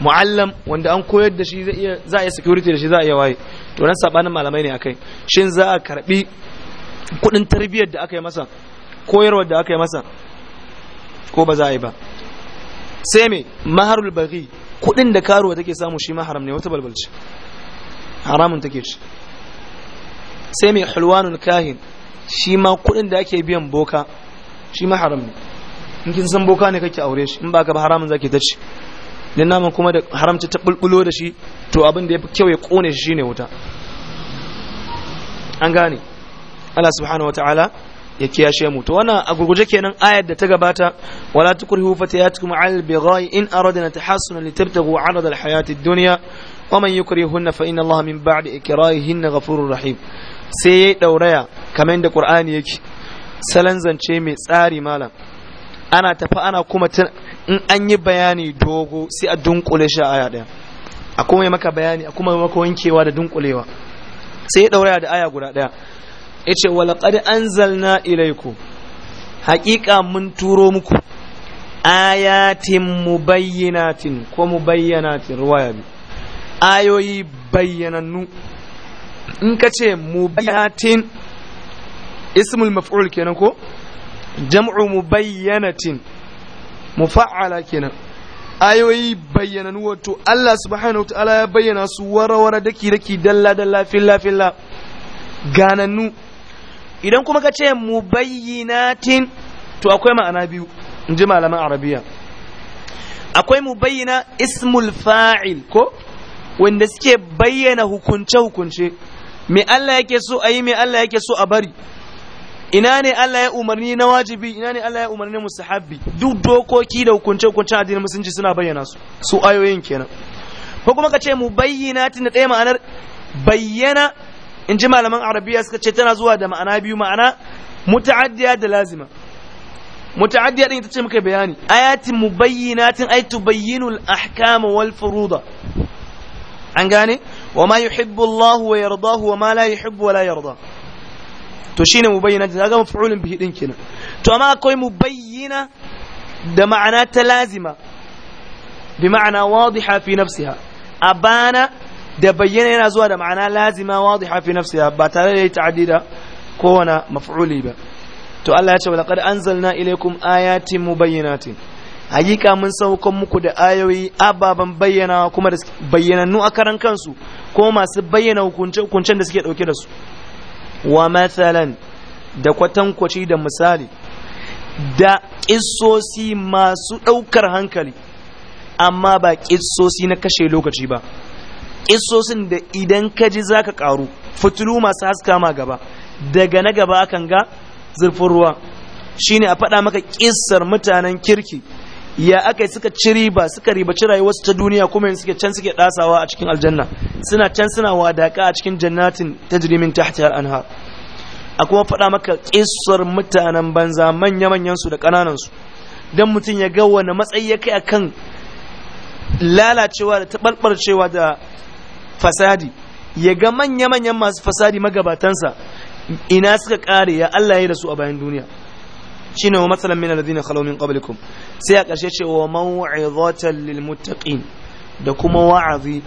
mu'allam wanda an koyar da shi za a yi security da shi za a yi waye to nan sabanin malamai ne akai shin za a karbi kudin tarbiyyar da aka yi masa koyarwar da aka yi masa ko ba za a yi ba sai me maharul baghi kudin da karuwa take samu shi ma haram ne wata balbalci haramun take ci sai me hulwanul kahin shi ma kudin da ake biyan boka shi ma haram ne in kin san boka ne kake aure shi in ba ka ba haramun zaki ta ci dan naman kuma da haramci ta bulbulo da shi to abin da ya fi kyau ya kone shi shine wuta an gane Allah subhanahu wataala ya kiyashe mu to wannan a gurguje kenan ayar da ta gabata wala tukrihu fatiyatukum al bighai in aradna tahassunan litabtaghu 'arada al hayati ad-dunya wa man yukrihunna fa inna Allah min ba'di ikrahihinna ghafurur rahim sai yayi dauraya kamar da Qur'ani yake salon zance mai tsari malam ana tafi ana kuma in an yi bayani dogo sai a dunkule shi a aya ɗaya a kuma yi maka bayani a kuma maka wankewa da dunkulewa sai ya ɗauraya da aya guda ɗaya ya ce an zalna ilaiku haƙiƙa mun turo muku ayatin tin ko mubayyanatin ruwaya bi ayoyi bayyanannu in ka ce mubayyanatin ismul maf'ul kenan ko jam'u mubayyanatin mufa'ala kenan ayoyi bayyananu wato Allah subhanahu wata'ala ya bayyana su wara daki daki dalla dalla filla filla ganannu idan kuma ka ce mubayyinatin to akwai ma'ana biyu in ji malaman arabiya akwai mubayyana ismul fa'il ko wanda suke bayyana hukunce hukunce me Allah yake so a yi me Allah yake so a bari ina ne Allah ya umarni na wajibi ina ne Allah ya umarni na mustahabbi duk dokoki da hukunce-hukuncen addinin musulunci suna bayyana su su ayoyin kenan ko kuma ka ce mu bayyana tun da ɗaya ma'anar bayyana in ji malaman arabiya suka ce tana zuwa da ma'ana biyu ma'ana muta'addiya da lazima muta'addiya din ita ce muka bayani ayatin mubayyinatin ay tubayyinul ahkama wal furuda an gane wa ma yuhibbu Allah wa yardahu wa ma la yuhibbu wa la yarda to shine mubayyana da ga maf'ulun bihi din kenan to amma akwai mubayyana da ma'ana ta lazima bi ma'ana wadiha fi nafsiha abana da bayyana yana zuwa da ma'ana lazima wadiha fi nafsiha ba tare da ta'addi ko kowane maf'uli ba to Allah ya ce laqad anzalna ilaykum ayatin mubayyinatin hakika mun saukan muku da ayoyi ababan bayyana kuma da bayyanannu a karan kansu ko masu bayyana hukuncen da suke dauke da su wa matsalan da kwatankwaci da misali da ƙisosi masu ɗaukar hankali amma ba ƙisosi na kashe lokaci ba ƙisosin da idan ka ji za ka ƙaru fitilu masu haska ma gaba daga na gaba akan ga zurfin ruwa shine a faɗa maka ƙisar mutanen kirki ya aka suka ci riba suka ribaci rayuwarsu ta duniya kuma yanzu suke can suke dasawa a cikin aljanna suna can suna wadaka a cikin jannatin tajri min tahtiha al-anhar a kuma faɗa maka ƙisar mutanen banza manya manyan su da kananan su dan mutun ya ga wani matsayi ya kai akan lalacewa da tabalbarcewa da fasadi ya ga manya manyan masu fasadi magabatansa ina suka kare ya Allah ya da su a bayan duniya shine wa matsalan min alladhina khalaw min qablikum sai a ƙarshe ce wa maw'izatan lil muttaqin da kuma wa'azi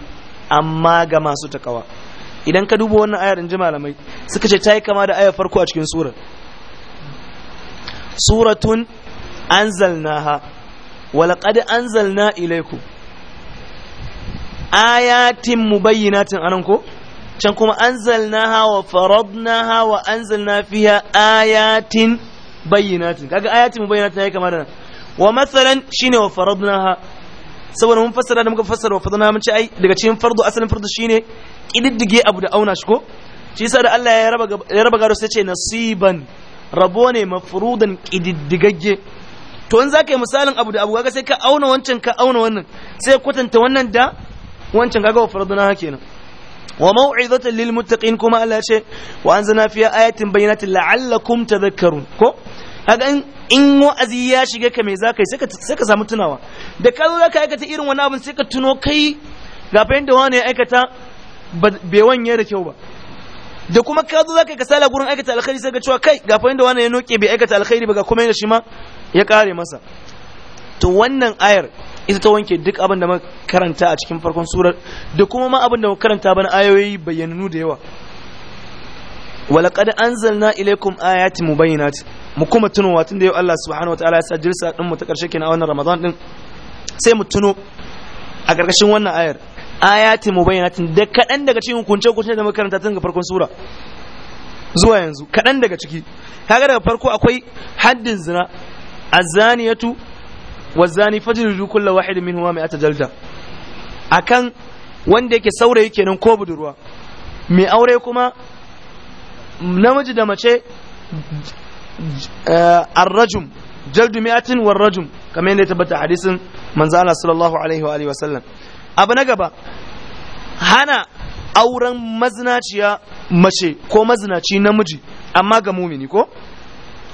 amma ga masu takawa idan ka duba wannan ayar inji malamai suka ce tayi kama da ayar farko a cikin surar suratun anzalnaha wa laqad anzalna ilaykum ayatin mubayyinatin anan ko can kuma anzalnaha wa faradnaha wa anzalna fiha ayatin bayyinatin kaga mu bayyinatin yayi kama da wa masalan shine wa faradnaha saboda mun fassara da muka fassara wa faradnaha mun ce ai daga cikin fardu asalin fardu shine kididdige abu da auna shi ko shi yasa da Allah ya raba ya raba gado sai ce nasiban rabo ne mafrudan kididdigagge to in zaka yi misalin abu da abu kaga sai ka auna wancan ka auna wannan sai kwatanta wannan da wancan kaga wa faradnaha kenan wa mau'izatan lil muttaqin kuma Allah ya ce wa anzalna fiha ayatin bayyinatin la'allakum tadhakkarun ko kaga in in wa'azi ya shiga ka me zaka sai ka sai ka samu tunawa da ka zo zaka aikata irin wani abu sai ka tuno kai ga fa da wani ya aikata bai wanye da kyau ba da kuma ka zo zaka ka sala gurin aikata alkhairi sai ka cewa kai ga fa da wani ya noke bai aikata alkhairi ba ga kuma yana shi ma ya kare masa to wannan ayar ita ta wanke duk abin da karanta a cikin farkon surar da kuma ma abin da karanta bana ayoyi bayyanu da yawa walaƙad anzalna ilaikum ayati mubayyinat mu kuma tuno tun da yau Allah subhanahu wataala ya sa jirsa din mu ta karshe kenan a wannan Ramadan din sai mu tuno a ƙarƙashin wannan ayar ayati mubayyinat da kaɗan daga cikin hukunce hukunce da makaranta tun ga farkon sura zuwa yanzu kaɗan daga ciki kaga daga farko akwai haddin zina azaniyatu wazani fajridu kullu wahidin minhuma mi'ata jalda akan wanda yake saurayi kenan ko budurwa mai aure kuma namiji da mace arrajum jaldu mi'atin warrajum kamar yadda ya tabbata hadisin manzo Allah sallallahu alaihi wa alihi wa sallam abu na gaba hana auren mazinaciya mace ko mazinaci namiji amma ga mumini ko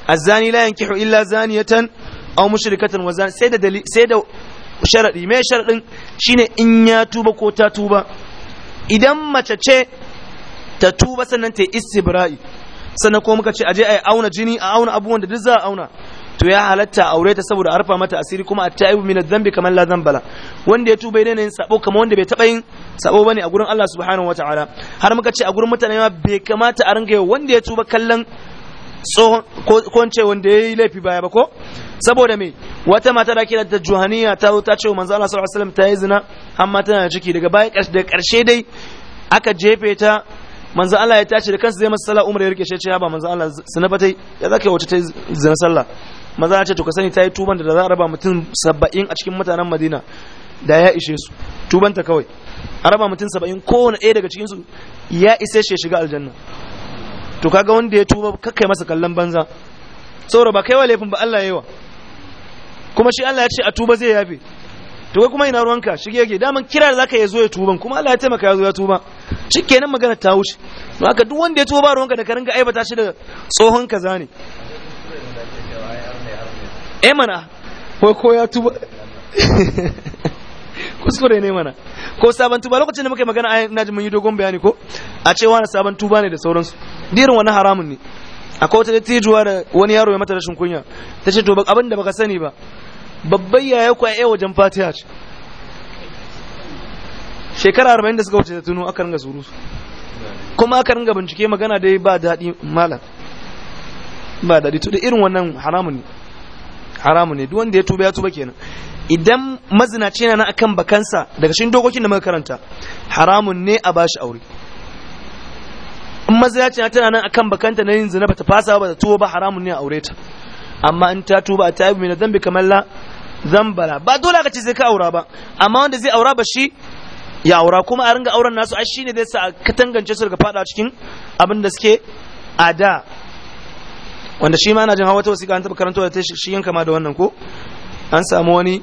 azani la yankihu illa zaniyatan aw mushrikatan wa zani sai da sai da sharadi me sharadin shine in ya tuba ko ta tuba idan mace ce ta tuba sannan ta yi istibra'i sannan ko muka ce aje a auna jini a auna abubuwan da duk za a auna to ya halatta aure ta saboda arfa mata asiri kuma a ta'ibu min dhanbi kamar la dhanbala wanda ya tuba ne yin sabo kamar wanda bai taba yin sabo bane a gurin Allah subhanahu wataala har muka ce a gurin mutane ma bai kamata a ringa wanda ya tuba kallon tsohon ko ce wanda yayi laifi baya ba ko saboda me wata mata da ke da juhaniya ta zo ta ce manzo Allah sallallahu alaihi wasallam ta yi zina amma tana da ciki daga bayan da karshe dai aka jefe ta manzo Allah ya tashi da kansa zai masa sallah umar ya rike shi ce ba manzo Allah zina ba tai ya zaka wace ta zina sallah manzo Allah ce to ka sani ta yi tuban da za a raba mutum 70 a cikin mutanen Madina da ya ishe su Tuban ta kawai a raba mutum 70 kowane ɗaya daga cikin su ya ise shi shiga aljanna to kaga wanda ya tuba kakkai masa kallon banza saboda ba kai wa laifin ba Allah yayi wa kuma shi Allah ya ce a tuba zai yafe to kai kuma ina ruwanka shi yake daman kira da zaka yazo zo ya tuban kuma Allah ya taimaka ya zo ya tuba shikenan magana ta wuce don haka duk wanda ya tuba ba ruwanka da ka ringa aibata shi da tsohon kaza ne eh mana ko ko ya tuba kuskure ne mana ko sabon tuba lokacin da muka yi magana na ji mun yi dogon bayani ko a ce wani sabon tuba ne da sauransu dirin wani haramun ne akwai wata dattijuwa da wani yaro ya mata rashin kunya ta ce to abin da baka sani ba babban yaya ku a wajen fatiha ce shekara arba'in da suka wuce ta tuno aka ringa surutu kuma aka ringa bincike magana dai ba daɗi malam ba daɗi to da irin wannan haramun ne haramun ne duk wanda ya tuba ya tuba kenan idan mazinaci yana akan bakansa daga cikin dokokin da muka karanta haramun ne a bashi aure in maza ya ce tana nan akan bakanta na yin zina bata fasa ba da tuwo ba haramun ne a aure ta amma in ta tuba a yi mina zambi kamar la zambara ba dole ka ce sai ka aura ba amma wanda zai aura ba shi ya aura kuma a ringa auren nasu ai shine zai sa ka tangance su daga fada cikin abin da suke a da wanda shi ma na jin hawa ta wasiƙa an taɓa karanta da ta shi yanka ma da wannan ko an samu wani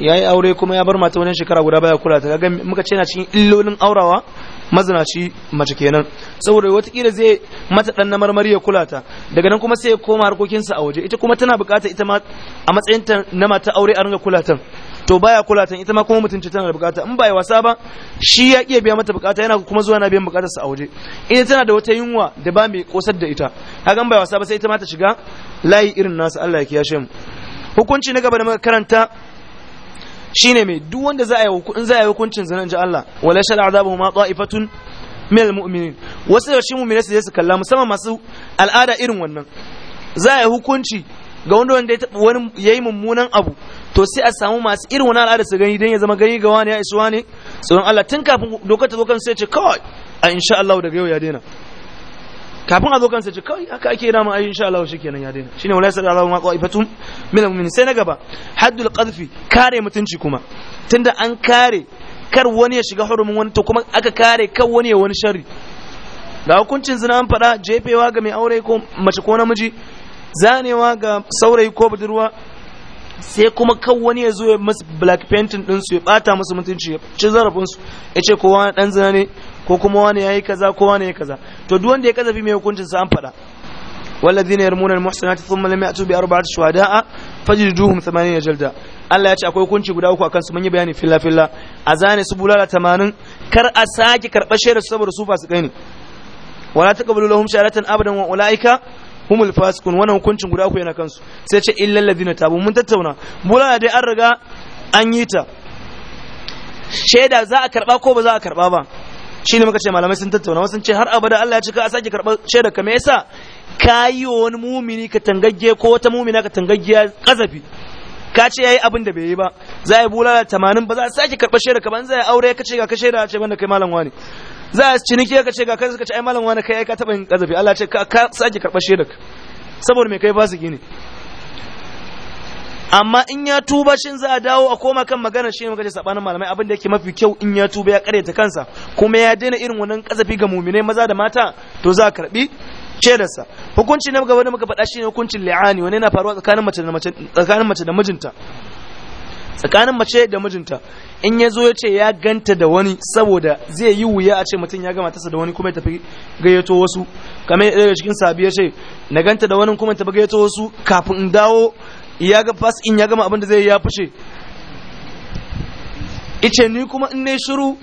ya aure kuma ya bar mata wani shekara guda baya kula ta ga muka ce na cikin illolin aurawa mazinaci mace kenan saboda watakila zai mata dan na ya kula ta daga nan kuma sai ya koma harkokinsa a waje ita kuma tana bukata ita ma a matsayin ta na mata aure a ringa kula ta to baya kula ta ita ma kuma mutunci tana da bukata in baya wasa ba shi ya iya biya mata bukata yana kuma zuwa na biyan bukatar sa a waje ita tana da wata yunwa da ba mai kosar da ita kaga in wasa ba sai ita ma ta shiga layi irin nasu Allah ya kiyashe mu hukunci na gaba da muka karanta Shi ne mai duk wanda za a yi in za a yi hukuncin zan ji Allah wala shal azabu ma ta'ifatun mil mu'minin wasu daga cikin su su su kalla musamman masu al'ada irin wannan za a yi hukunci ga wanda wanda ya taɓa wani yayi mummunan abu to sai a samu masu irin wani al'ada su gani dan ya zama gani ga wani ya ishi wani tsoron Allah tun kafin dokar ta zo kan sai ce kawai a insha Allah daga yau ya daina kafin a zo kansa ce kai haka ake rama mun ayi insha Allah shikenan ya daina shine wala sallallahu alaihi wa qaifatun min almu'minin sai na gaba haddul qadfi kare mutunci kuma tunda an kare kar wani ya shiga hurumin wani to kuma aka kare kar wani ya wani sharri ga hukuncin zina an faɗa jefewa ga mai aure ko mace ko namiji zanewa ga saurayi ko budurwa sai kuma kan wani ya zo ya musu black painting din su ya bata musu mutunci ya ci zarafin su ya ce kowa wani dan zina ne ko kuma wani yayi kaza ko wani yayi kaza to duk wanda ya kazafi mai hukuncin sa an fada والذين يرمون المحصنات ثم wa da'a. بأربعة شهداء فجلدوهم ya jalda Allah ya ce akwai hukunci guda uku akan su mun yi bayani filla filla a zane su bulala tamanin. kar a sake karɓa shaidar su saboda su fasikai ne wala taqbalu lahum shahadatan abadan wa ulaika humul fasikun wannan hukuncin guda uku yana kansu sai ce illal ladina tabu mun tattauna bulala dai an riga an yi ta shaida za a karba ko ba za a karba ba shine muka ce malamai sun tattauna wasu sun ce har abada Allah ya k'a a sake karba shaida ka me yasa kayi wani mumini ka tangagge ko wata mumina ka tangaggiya kazafi ka ce yayi abin da bai yi ba za a yi bulala 80 ba za a sake karba shaida ka ban za a aure ka ce ga ka shaida ce banda kai malam wani za a ciniki ka ce ga kai suka ce ai malam wani kai ai ka taba yin kazafi Allah ce ka sake karɓar shedar saboda me kai su gine amma in ya tuba shin za a dawo a koma kan magana shi ne muka ce sabanin malamai abin da yake mafi kyau in ya tuba ya karyata kansa kuma ya daina irin wannan kazafi ga muminai maza da mata to za a karbi sa. hukunci na gaba da muka faɗa shi ne hukuncin li'ani wani na faruwa tsakanin mace da mijinta tsakanin mace da mijinta in ya zo ya ce ya ganta da wani saboda zai yi wuya a ce mutum ya gama tasa da wani kuma ya tafi gayyato wasu kamar ya ɗaya cikin sabi ya ce na ganta da wani kuma ya tafi gayyato wasu kafin in dawo ya ga fas in ya gama abin da zai ya fushe ice ni kuma in ne shiru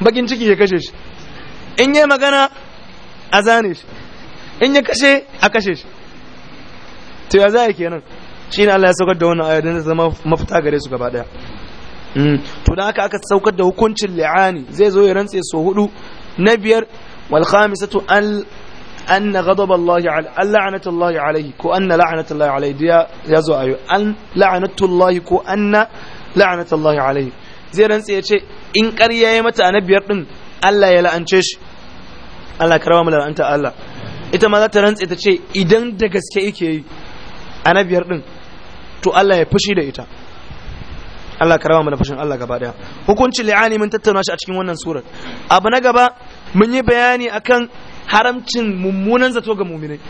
bakin ciki ya kashe shi in yi magana a zane shi in ya kashe a kashe shi to za a kenan ne Allah ya saukar da wannan ayar da zama mafita gare su gaba daya mm. to da haka aka saukar da hukuncin li'ani zai zo ya rantse so hudu na biyar wal khamisatu an na ghadab Allah an la'anatu Allah alaihi ko an na la'anatu Allah da ya zo ayo an la'anatu Allah ko na la'anatu Allah alaihi zai rantse ya ce in karya ya mata na biyar din Allah ya la'ance shi Allah karawa mu la'anta Allah ita ma za ta rantse ta ce idan da gaske yake yi a na biyar din to Allah ya fushi da ita Allah karama mana fushin Allah gaba daya hukuncin li'ani mun tattauna shi a cikin wannan surar abu na gaba mun yi bayani akan haramcin mummunan zato ga muminai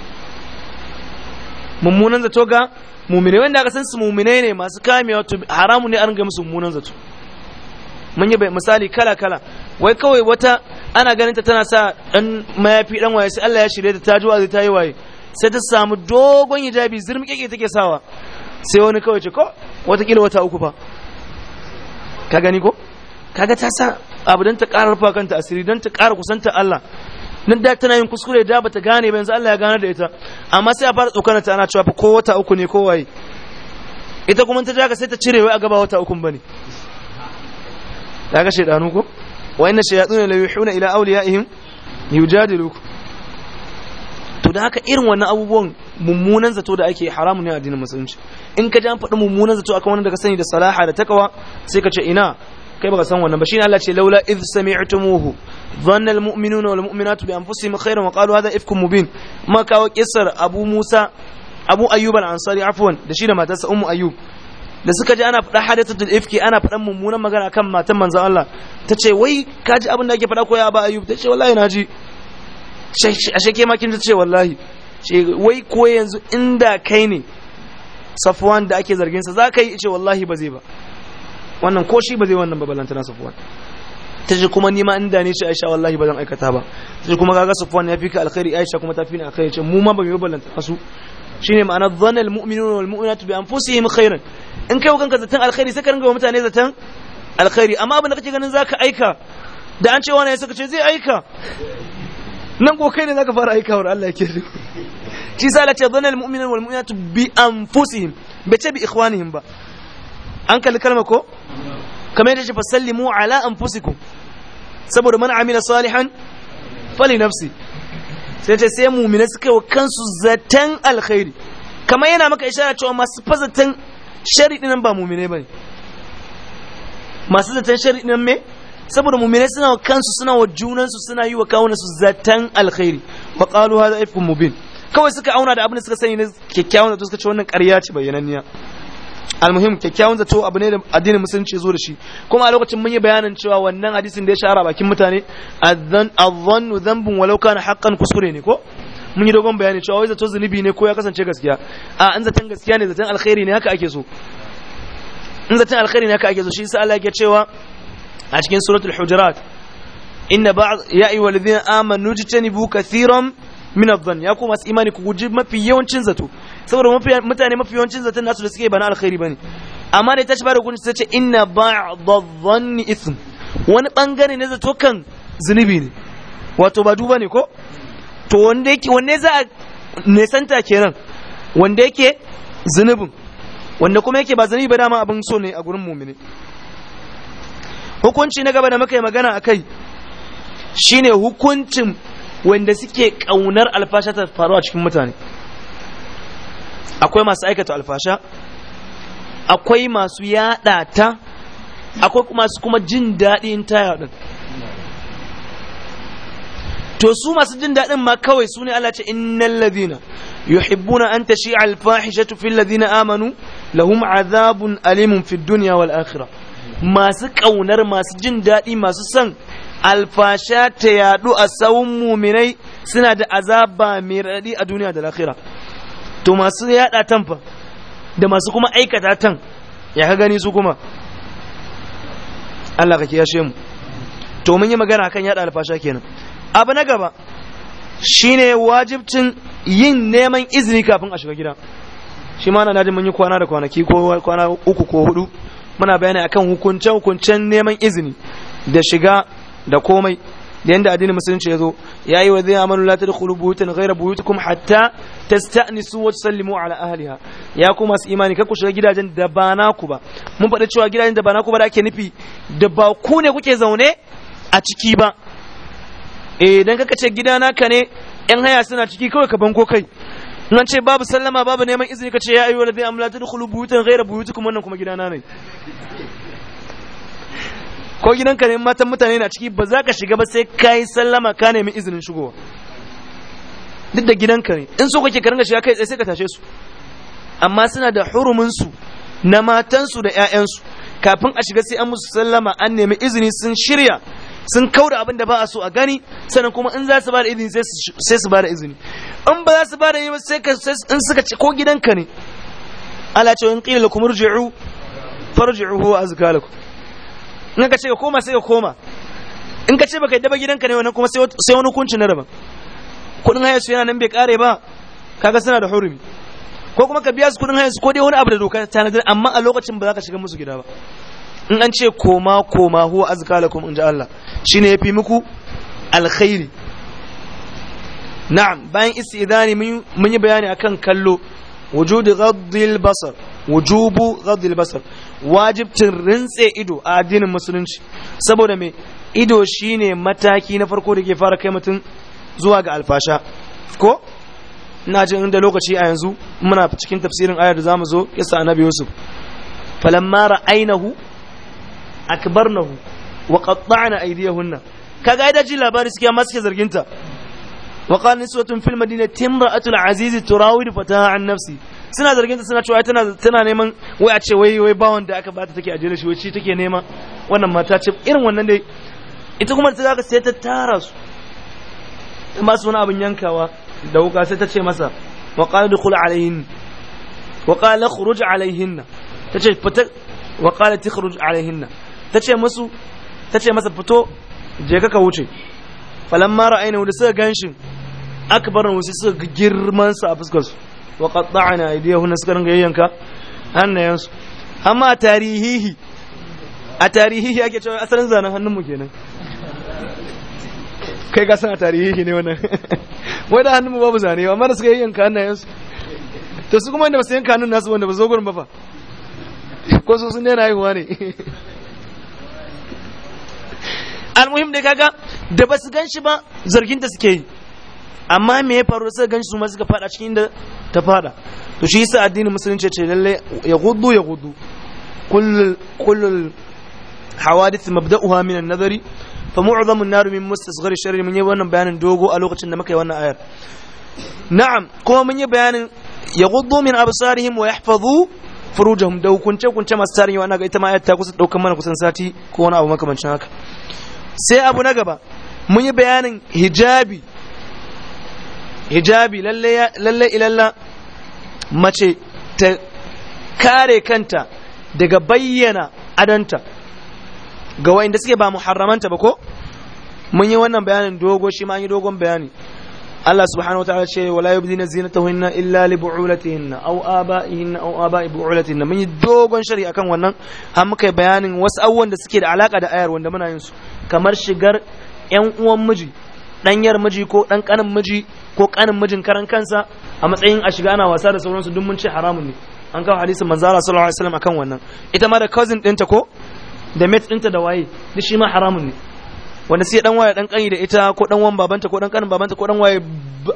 mummunan zato ga muminai wanda aka san su muminai ne masu kamewa to haramu ne an ga musu mummunan zato mun yi misali kala kala wai kawai wata ana ganin ta tana sa dan mayafi dan waye sai Allah ya shirye ta ta ji zai ta yi waye sai ta samu dogon hijabi zirmi kike take sawa sai wani kawai ce ko watakila wata uku ba? ka gani ko kaga ta sa abu don ta ƙara rufa kanta asiri don ta ƙara kusanta Allah nan da tana yin kuskure da bata gane ba yanzu Allah ya gane da ita amma sai a fara tsokana ta ana cewa ko wata uku ne ko waye ita kuma ta jaka sai ta cire wai a gaba wata uku bane daga shedanu ko wa inna shayatuna la yuhuna ila awliyaihim yujadiluku to da haka irin wannan abubuwan mummunan zato da ake haramun ne a addinin musulunci in ka ji an faɗi mummunan zato akan wanda ka sani da salaha da takawa sai ka ce ina kai baka san wannan ba shine Allah ce laula idh sami'tumuhu dhanna almu'minuna wal mu'minatu bi anfusihim khayran wa qalu hadha ifkum mubin ma kawo kissar Abu Musa Abu Ayyub al-Ansari afwan da shi da matarsa Ummu Ayyub da suka ji ana faɗa hadatul ifki ana faɗan mummunan magana kan matan manzon Allah ta ce wai ka ji abin da ake faɗa ko ya ba Ayyub ta ce wallahi na ji ashe ke ma kin ce wallahi ce wai ko yanzu inda kai ne safuwan da ake zargin sa zaka yi ce wallahi ba zai ba wannan ko shi ba zai wannan ba balantana safuwan. ta ce kuma nima inda ne shi aisha wallahi ba zan aikata ba ta ce kuma kaga safuwan ya fi ka alkhairi aisha kuma ta fi ni alkhairi ce mu ma ba mu babalanta balantana su shine ma'ana dhanna almu'minuna walmu'minatu bi anfusihim khairan in kai ka zaton alkhairi sai ka ringa wa mutane zaton alkhairi amma abin da kake ganin zaka aika da an ce na ya ka ce zai aika nan ko kai za ka fara aikawar Allah ya so shi sa Allah ce zanal mu'minun wal mu'minatu bi anfusihim bai ce bi ikhwanihim ba an kalli kalma ko kamar yadda ce fa fasallimu ala anfusikum saboda mana Amina salihan fali nafsi sai ce sai mu'mina suka wa kansu zatan alkhairi kamar yana maka ishara cewa masu fazatan shari'i nan ba mu'mine ne. masu zatan shari'i nan me saboda mu'minai suna wa kansu suna wa junansu suna yi wa kawunansu zatan alkhairi wa qalu hadha ifkum mubin kawai suka auna da abin da suka sani ne kyakkyawan zato suka ce wannan ƙarya ce bayyananniya almuhim kyakkyawan zato abu ne da addinin musulunci zo da shi kuma a lokacin mun yi bayanin cewa wannan hadisin da ya shahara bakin mutane adhannu dhanbun walau kana haqqan kusure ne ko mun yi dogon bayani cewa wai zato zunubi ne ko ya kasance gaskiya a in zaton gaskiya ne zaton alkhairi ne haka ake so in zaton alkhairi ne haka ake so shi yasa Allah ya cewa a cikin suratul hujurat inna ba'd ya ayyuhal ladina amanu jtanibu kathiran min adh-dhann ya kuma imani ku guji mafi yawancin zato saboda mutane mafi yawancin zato nasu da suke bana na alkhairi bane amma ne ta ci bada gunci sace inna ba'd adh-dhann ithm wani bangare ne zato kan zunubi ne wato ba duba ne ko to wanda yake wanne za a nesanta kenan wanda yake zunubin wanda kuma yake ba zunubi ba dama abin so ne a gurin mumini hukunci na gaba da muka yi magana a kai shine hukuncin wanda suke ƙaunar alfasha ta faru a cikin mutane akwai masu aikata alfasha akwai masu yada ta akwai masu kuma jin daɗin ta yaɗin to su masu jin daɗin ma kawai su ne Allah ce innal ladina yuhibbuna an tashi al fahishatu fil ladina amanu lahum azabun alimun fid dunya wal akhirah masu ƙaunar masu jin daɗi masu son alfasha ta yaɗu a tsawon muminai suna da azaba mai raɗi a duniya da lahira to masu yaɗa tan fa da masu kuma aikata tan ya ka gani su kuma Allah ka kiyashe mu to mun yi magana kan yaɗa alfasha kenan abu na gaba shine wajibcin yin neman izini kafin a shiga gida shi ma na najin mun yi kwana da kwanaki ko kwana uku ko hudu muna bayani akan hukunce hukuncen neman izini da shiga da komai da yanda addinin musulunci ya zo ya yi wa zai amanu la tadkhulu buyutan ghayra buyutikum hatta tasta'nisu wa tusallimu ala ahliha ya kuma su imani kar ku shiga gidajen da ba naku ba mun faɗa cewa gidajen da ba naku ba da ake nufi da ba ku ne kuke zaune a ciki ba eh dan kaka ce gida naka ne yan haya suna ciki kawai ka banko kai nan ce babu sallama babu neman izini ka ce ya ayyuhal ladhi amla tadkhulu buyutan ghayra buyutikum wannan kuma gidana ne ko gidanka ne matan mutane na ciki ba za ka shiga ba sai kai sallama ka nemi izinin shigowa duk da gidanka ne in so kake ka ringa shiga kai tsaye sai ka tashe su amma suna da hurumin su na su da 'ya'yansu kafin a shiga sai an musu sallama an nemi izini sun shirya sun kauda abin da ba a so a gani sannan kuma in za su ba da izini sai su ba da izini in ba za su ba da ba sai ka in suka ce ko gidanka ne ala ce in qila lakum irji'u farji'u huwa azka lakum in ka ce ka koma sai ka koma in ka ce baka yadda ba gidanka ne wannan kuma sai wani hukunci na daban kudin haya su yana nan bai kare ba kaga suna da hurumi ko kuma ka biya su kudin haya su ko dai wani abu da doka ta tanadar amma a lokacin ba za ka shiga musu gida ba in an ce koma koma huwa azka lakum inji Allah shine yafi muku alkhairi na'am bayan istidani mun yi bayani akan kallo wujudu ghaddil basar wujubu ghaddil basar wajibcin rintse ido a addinin musulunci saboda mai ido shine mataki na farko da ke fara kai mutum zuwa ga alfasha ko ina jin inda lokaci a yanzu muna cikin tafsirin ayar da zamu zo kisa annabi Yusuf falamma ra'ainahu akbarnahu wa qatta'na aydiyahunna kaga da ji labari suke amma suke zarginta wa qala niswatun fil madinati imra'atul aziz turawidu fataha an nafsi suna zarginta suna cewa tana tana neman wai a ce wai wai bawon da aka bata take ajiyar shi wai shi take nema wannan mata ce irin wannan dai ita kuma ta ga sai ta tara su ta masu wani abin yankawa da wuka sai ta ce masa wa qala dukhul alayhin wa qala khuruj alayhinna tace fita wa qala tukhruj alayhinna ta ce musu ta ce masa fito je ka ka wuce mara ainihu da suka ganshin akbarin wasu suka girman su a fuskar su wa qatta'na aydiyahunna suka ringa yayyanka hannayensu amma tarihihi a tarihihi ake cewa asalin zanen hannun mu kenan kai ka san a tarihihi ne wannan wai da hannun mu babu zane amma da suka yayyanka hannayensu to su kuma inda ba su yanka hannun nasu wanda ba zo gurin ba fa ko su sun na haihuwa ne almuhim da kaga da ba su ganshi ba zargin da suke yi amma me ya faru suka ganshi su ma suka fada cikin da ta fada to shi yasa addinin musulunci ce lalle ya gudu ya gudu kullul kullul hawadith mabda'uha min an-nadari fa mu'zamu an-nar min mustasghar ash-sharri mun yi bayanin dogo a lokacin da muka yi wannan ayar na'am kuma mun yi bayanin ya gudu min absarihim wa yahfazu furujahum da hukunce hukunce masu tarin yawa ana ga ita ma ayat ta kusa daukan mana kusan sati ko wani abu makamancin haka sai abu na gaba mun yi bayanin hijabi hijabi lalle ilalla mace ta kare kanta daga bayyana adanta ga wa'inda suke ba mu haramanta ba ko mun yi wannan bayanin dogo shi ma an yi dogon bayani Allah subhanahu ta'ala ce wala yubdina zinatahunna illa li bu'ulatihinna aw aba'ihinna aw aba'i bu'ulatihinna mun yi dogon shari akan wannan har muka bayanin wasu abubuwan da suke da alaka da ayar wanda muna yin su kamar shigar yan uwan miji ɗanyar miji ko ɗan kanin miji ko kanin mijin karan kansa a matsayin a shiga ana wasa da sauransu duk mun ce haramun ne an kawo hadisin manzara sallallahu alaihi wasallam akan wannan ita ma da cousin ɗinta ko da mate ɗinta da waye duk shi ma haramun ne wanda sai dan waye dan kani da ita ko dan wan babanta ko dan kanin babanta ko dan waye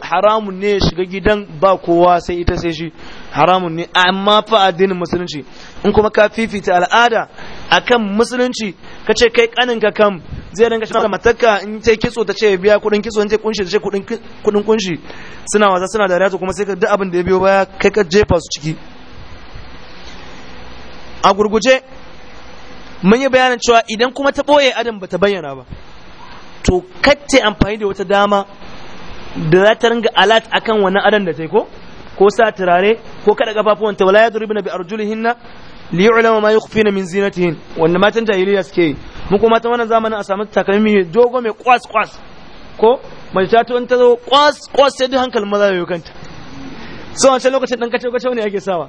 haramun ne shiga gidan ba kowa sai ita sai shi haramun ne amma fa addinin musulunci in kuma ka fifita al'ada akan musulunci ka ce kai kanin ka kam zai dinga shi matarka in ta kitso ta ce biya kudin kitso in ta kunshi ta ce kudin kunshi suna wasa suna da to kuma sai ka duk abin da ya biyo baya kai ka jefa su ciki a gurguje mun yi bayanin cewa idan kuma ta boye adam bata bayyana ba to kacce amfani da wata dama da za ta ringa alat akan wannan adan da ta ko ko sa turare ko kada kafafuwan ta wala na bi arjulihinna li yu'lama ma yukhfina min zinatihin wanda matan jahiliya suke mu kuma ta wannan zamanin a samu takalmi mai dogo mai kwas kwas ko mace ta to ta zo kwas kwas sai duk hankalin maza ya kanta so a can lokacin dan kace kace ne ake sawa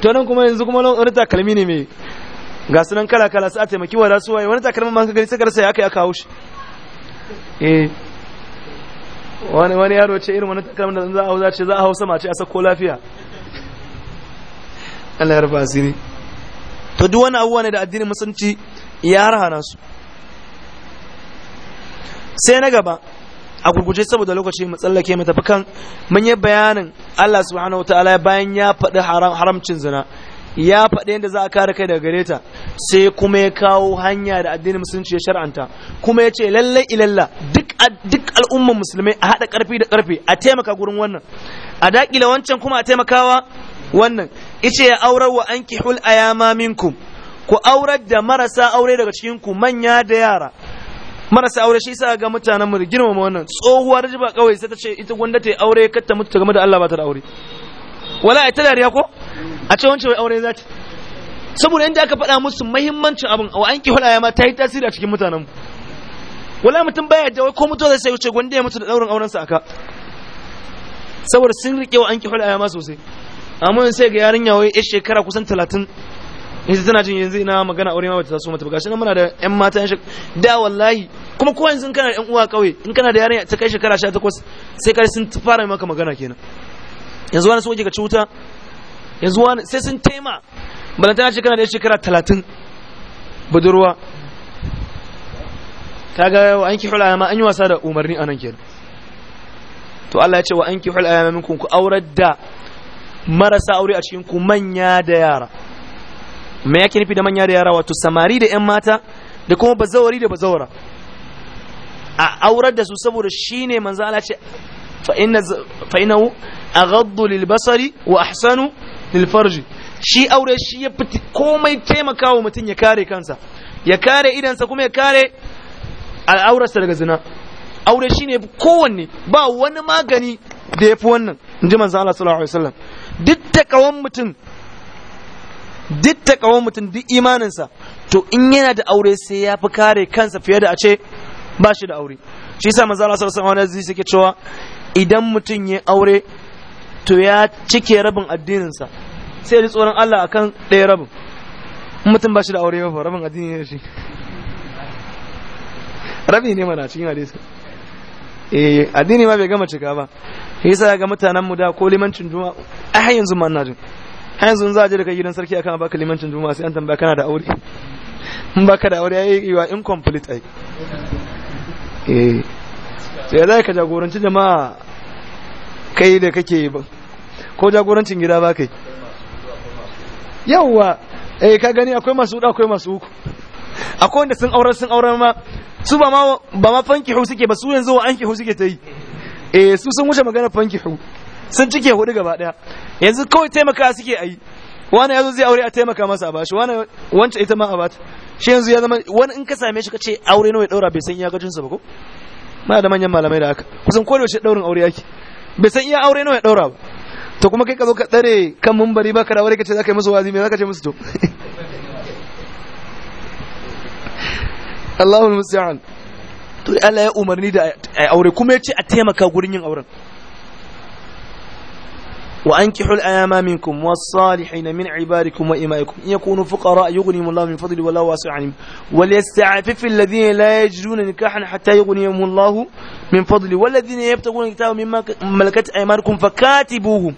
to nan kuma yanzu kuma wani takalmi ne mai ga sunan kala kala sai a taimaki wa rasuwa wani takalmin ma ka gani sai ka rasa ya kai aka haushi eh wani wani yaro ce irin wani takalmin da za a hauza ce za a hausa mace a sako lafiya Allah ya rufa asiri to duk wani abubuwa ne da addinin musulunci ya rahana su sai na gaba a gurguje saboda lokaci mu tsallake mu tafi kan manyan yi bayanin Allah subhanahu wataala bayan ya faɗi haramcin zina ya faɗi yadda za a kare kai daga gare ta sai kuma ya kawo hanya da addinin musulunci ya shar'anta kuma ya ce lallai ilalla duk al'umman musulmai a haɗa ƙarfi da ƙarfe a taimaka gurin wannan a daƙila wancan kuma a taimakawa wannan ice ya aurar wa an kihul ayama minkum ku aurar da marasa aure daga cikin ku manya da yara marasa aure shi sa ga mutanen mu girmama wannan tsohuwar jiba kawai sai ta ce ita gwanda ta aure kar ta mutu ta game da Allah ba ta da aure wala ita dariya ko a ce wancan wai aure za ta saboda inda aka faɗa musu muhimmancin abin a an kihula ya ma ta yi tasiri a cikin mutanen wala mutum baya da wai ko mutuwa zai sai wuce gwanda ya mutu da ɗaurin aurensa aka saboda sun riƙe wa an kihula ya ma sosai amma sai ga yarinya wai ya shekara kusan talatin yanzu tana jin yanzu ina magana aure ma bata taso mata ba gashi nan muna da ƴan mata ƴan da wallahi kuma ko yanzu kana da ƴan uwa kawai in kana da yarinya ta kai shekara 18 sai kai sun fara maka magana kenan yanzu wani sun ka cuta yanzu wani sai sun taima balantana shekara da shekara talatin budurwa ta ga wa an kihul ayama an yi wasa da umarni anan kenan to Allah ya ce wa an kihul ayama minkum ku aurar da marasa aure a cikin ku manya da yara me yake nufi da manya da yara wato samari da 'yan mata da kuma bazawari da bazawara a aurar da su saboda shine manzo Allah ce fa inna fa innahu aghaddu lil basari wa ahsanu lil farji shi aure shi ya fiti komai taimakawa mutum ya kare kansa ya kare idansa kuma ya kare al'aurarsa daga zina aure shi ne kowanne ba wani magani da ya fi wannan in ji manzo Allah sallallahu alaihi wasallam duk kawon mutum duk kawon mutum duk imaninsa to in yana da aure sai ya fi kare kansa fiye da a ce ba shi da aure shi yasa manzo Allah sallallahu alaihi wasallam wani zai cewa idan mutum ya aure to ya cike rabin addininsa sai ji tsoron Allah akan ɗaya rabin mutum ba shi da aure ba rabin addini ne shi rabi ne mana cikin hadisi eh addini ma bai gama cika ba yasa ga mutanen mu da ko limancin juma'a ai yanzu ma ina jin har yanzu za a je daga gidan sarki akan baka limancin juma'a sai an tambaya kana da aure in baka da aure yi yiwa incomplete ai eh sai zai ka jagoranci jama'a kai da kake yi ba ko jagorancin gida ba kai yawwa eh ka gani akwai masu hudu akwai masu uku akwai wanda sun aure sun aure ma su ba ma ba ma hu suke ba su yanzu wa hu suke ta yi eh su sun wuce magana hu sun cike hudu gaba daya yanzu kawai taimaka suke ayi wani yazo zai aure a taimaka masa a bashi wani wancan ita ma a bata shi yanzu ya zama wani in ka same shi ka ce aure nawa ya daura bai san iyakacin sa ba ko ma da manyan malamai da haka kusan ko da daurin aure yake bai san iya aure nawa ya daura ba to kuma kai ka zo ka tsare kan mumbari ba ka da aure ce zaka yi musu wazi me zaka ce musu to Allahu musta'an to Allah ya umarni da aure kuma ya ce a taimaka gurin yin auren وأنكحوا الأيام منكم والصالحين من عبادكم وإمائكم إن يكونوا فقراء يغنيهم الله من فضله والله واسع عليم وليستعفف الذين لا يجدون نكاحا حتى يغنيهم الله من فضله والذين يبتغون الكتاب مما ملكت أيمانكم فكاتبوهم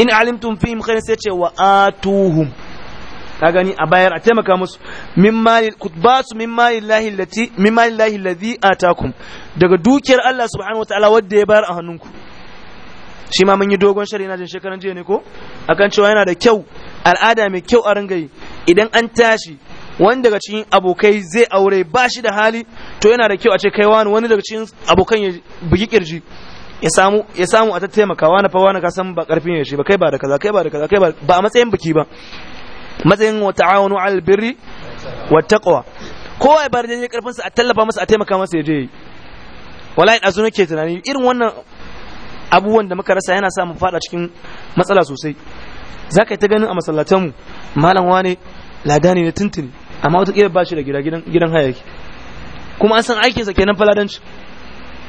إن علمتم فيهم خيرا سيتشي وآتوهم kagani a bayar a taimaka musu basu min malillahi lati min malillahi ladhi atakum daga dukiyar Allah subhanahu wataala wanda ya bayar a hannunku shi ma mun yi dogon shari na jin shekaran jiya ne ko akan cewa yana da kyau al'ada mai kyau a ringa yi idan an tashi wani daga cikin abokai zai aure ba shi da hali to yana da kyau a ce kai wani wani daga cikin abokan ya bugi kirji ya samu ya samu a taimaka wani fa wani ka ba karfin ya shi ba kai ba da kaza kai ba da kaza kai ba a matsayin biki ba matsayin wa ta'awunu al birri wa taqwa kowa ya bar da karfin sa a tallafa masa a taimaka masa ya je wallahi dazu ke tunani irin wannan abubuwan da muka rasa yana sa mu fada cikin matsala sosai za ka yi ta ganin a masallatanmu malam wane ladani ne tuntuni amma wata ba shi da gida gidan haya yake kuma an san aikinsa kenan faladanci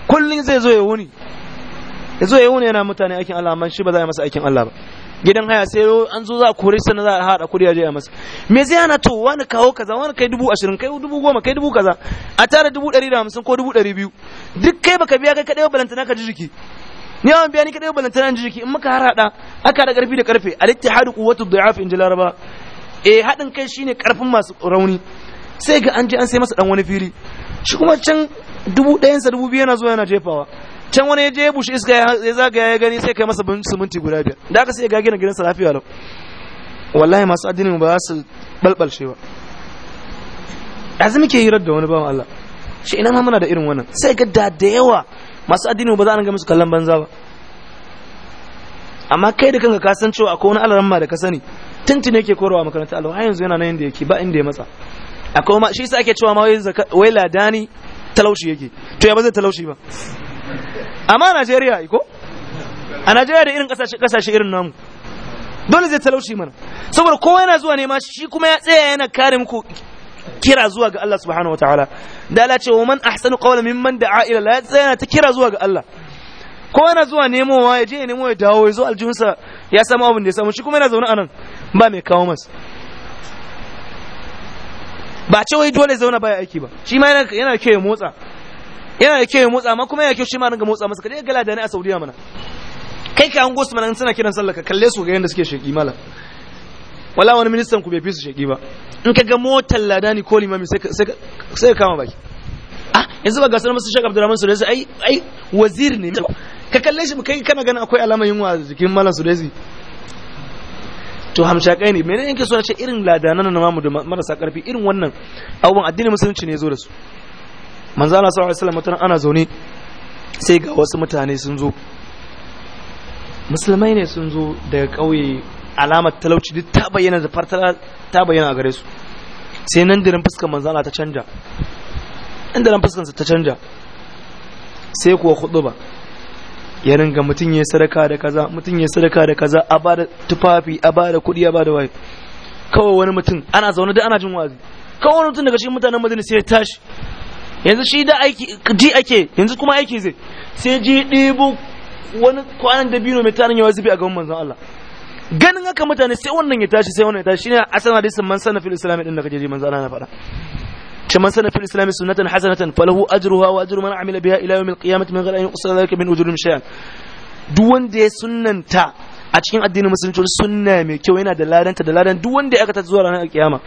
kullum zai zo ya wuni ya zo ya wuni yana mutane aikin Allah amma shi ba za a yi masa aikin Allah ba gidan haya sai yau an zo za a kore sannan za a haɗa kuri ya je a masa me zai hana to wani kawo kaza wani kai dubu ashirin kai dubu goma kai dubu kaza a tara dubu ɗari da hamsin ko dubu ɗari biyu duk kai baka biya kai kaɗai balantana ka ji jiki ni an biya ni kadai balantana jiki in muka harada aka da karfi da karfe al-ittihadu quwwatu dhi'af in laraba eh hadin kai shine karfin masu rauni sai ga an je an sai masa dan wani fili shi kuma can dubu ɗayan sa dubu biyu yana zuwa yana jefawa can wani ya je ya bushe iska ya zagaya ya gani sai kai masa suminti guda biyar da aka sai gage gina gidan lafiya lau wallahi masu addinin ba za su balbalshe ba yanzu muke hirar da wani bawan Allah shi ina ma muna da irin wannan sai ga da da yawa masu addini ba za a ga musu kallon banza ba amma kai da kanka ka san cewa akwai wani alaran ma da ka sani tuntun yake korowa makarantar alawa har yanzu yana nan yanda yake ba inda ya matsa akwai ma shi yasa ake cewa ma wai ladani talaushi yake to ya ba zai talaushi ba amma a Najeriya iko, a Najeriya da irin kasashe irin namu dole zai talaushi mana saboda kowa yana zuwa nema shi kuma ya tsaya yana kare muku kira zuwa ga Allah subhanahu ta'ala. da Allah ce wa man ahsanu qawlan mimman da'a ila Allah sai yana ta kira zuwa ga Allah ko yana zuwa nemowa ya je ya nemo ya dawo ya zo aljihunsa ya samu abin da ya samu shi kuma yana zaune a nan ba mai kawo masa ba ce wai dole zauna baya aiki ba shi ma yana da kyau ya motsa yana da kyau ya motsa amma kuma yana kyau shi ma ringa motsa masa kaje gala da ni a Saudiya mana kai ka hango su mana suna kiran sallaka kalle su ga yanda suke sheki mala wala wani ministan ku bai fi su shege ba in ka ga motar ladani ko limami sai ka kama baki ah yanzu ba gasar masu shek abdurrahman sudesi ai ai wazir ne ka kalle shi kai kana ganin akwai alamar yunwa a jikin malam sudesi to hamshakai ne menene yake so ya ce irin ladanan na mamu da marasa karfi irin wannan abubuwan addini musulunci ne ya zo da su manzo Allah sallallahu alaihi wasallam ana zaune sai ga wasu mutane sun zo musulmai ne sun zo daga ƙauye alamar talauci duk ta bayyana da fartala ta bayyana a gare su sai nan dirin fuskar manzala ta canja nan dirin fuskarsa ta canja sai kuwa hudu ba ya ringa mutum ya sadaka da kaza mutum ya sadaka da kaza a ba da tufafi a ba da kuɗi a ba da waye kawai wani mutum ana zaune da ana jin wazi kawai wani mutum daga cikin mutanen madina sai ya tashi yanzu shi da aiki ji ake yanzu kuma aiki zai sai ji ɗibo wani kwanan dabino mai tarin yawa zubi a gaban manzon Allah ganin haka mutane sai wannan ya tashi sai wannan ya tashi shine asalin hadisin man sana fil islam din da kaje manzo Allah na faɗa ce man sana fil islam sunnatan hasanatan falahu ajruha wa ajru man amila biha ila yawmil qiyamati min ghayri an yuqsara dhalika min ujurihim shay'an duk wanda ya sunnanta a cikin addinin musulunci wani sunna mai kyau yana da ladanta da ladan duk wanda ya aka ta zuwa ranar kiyama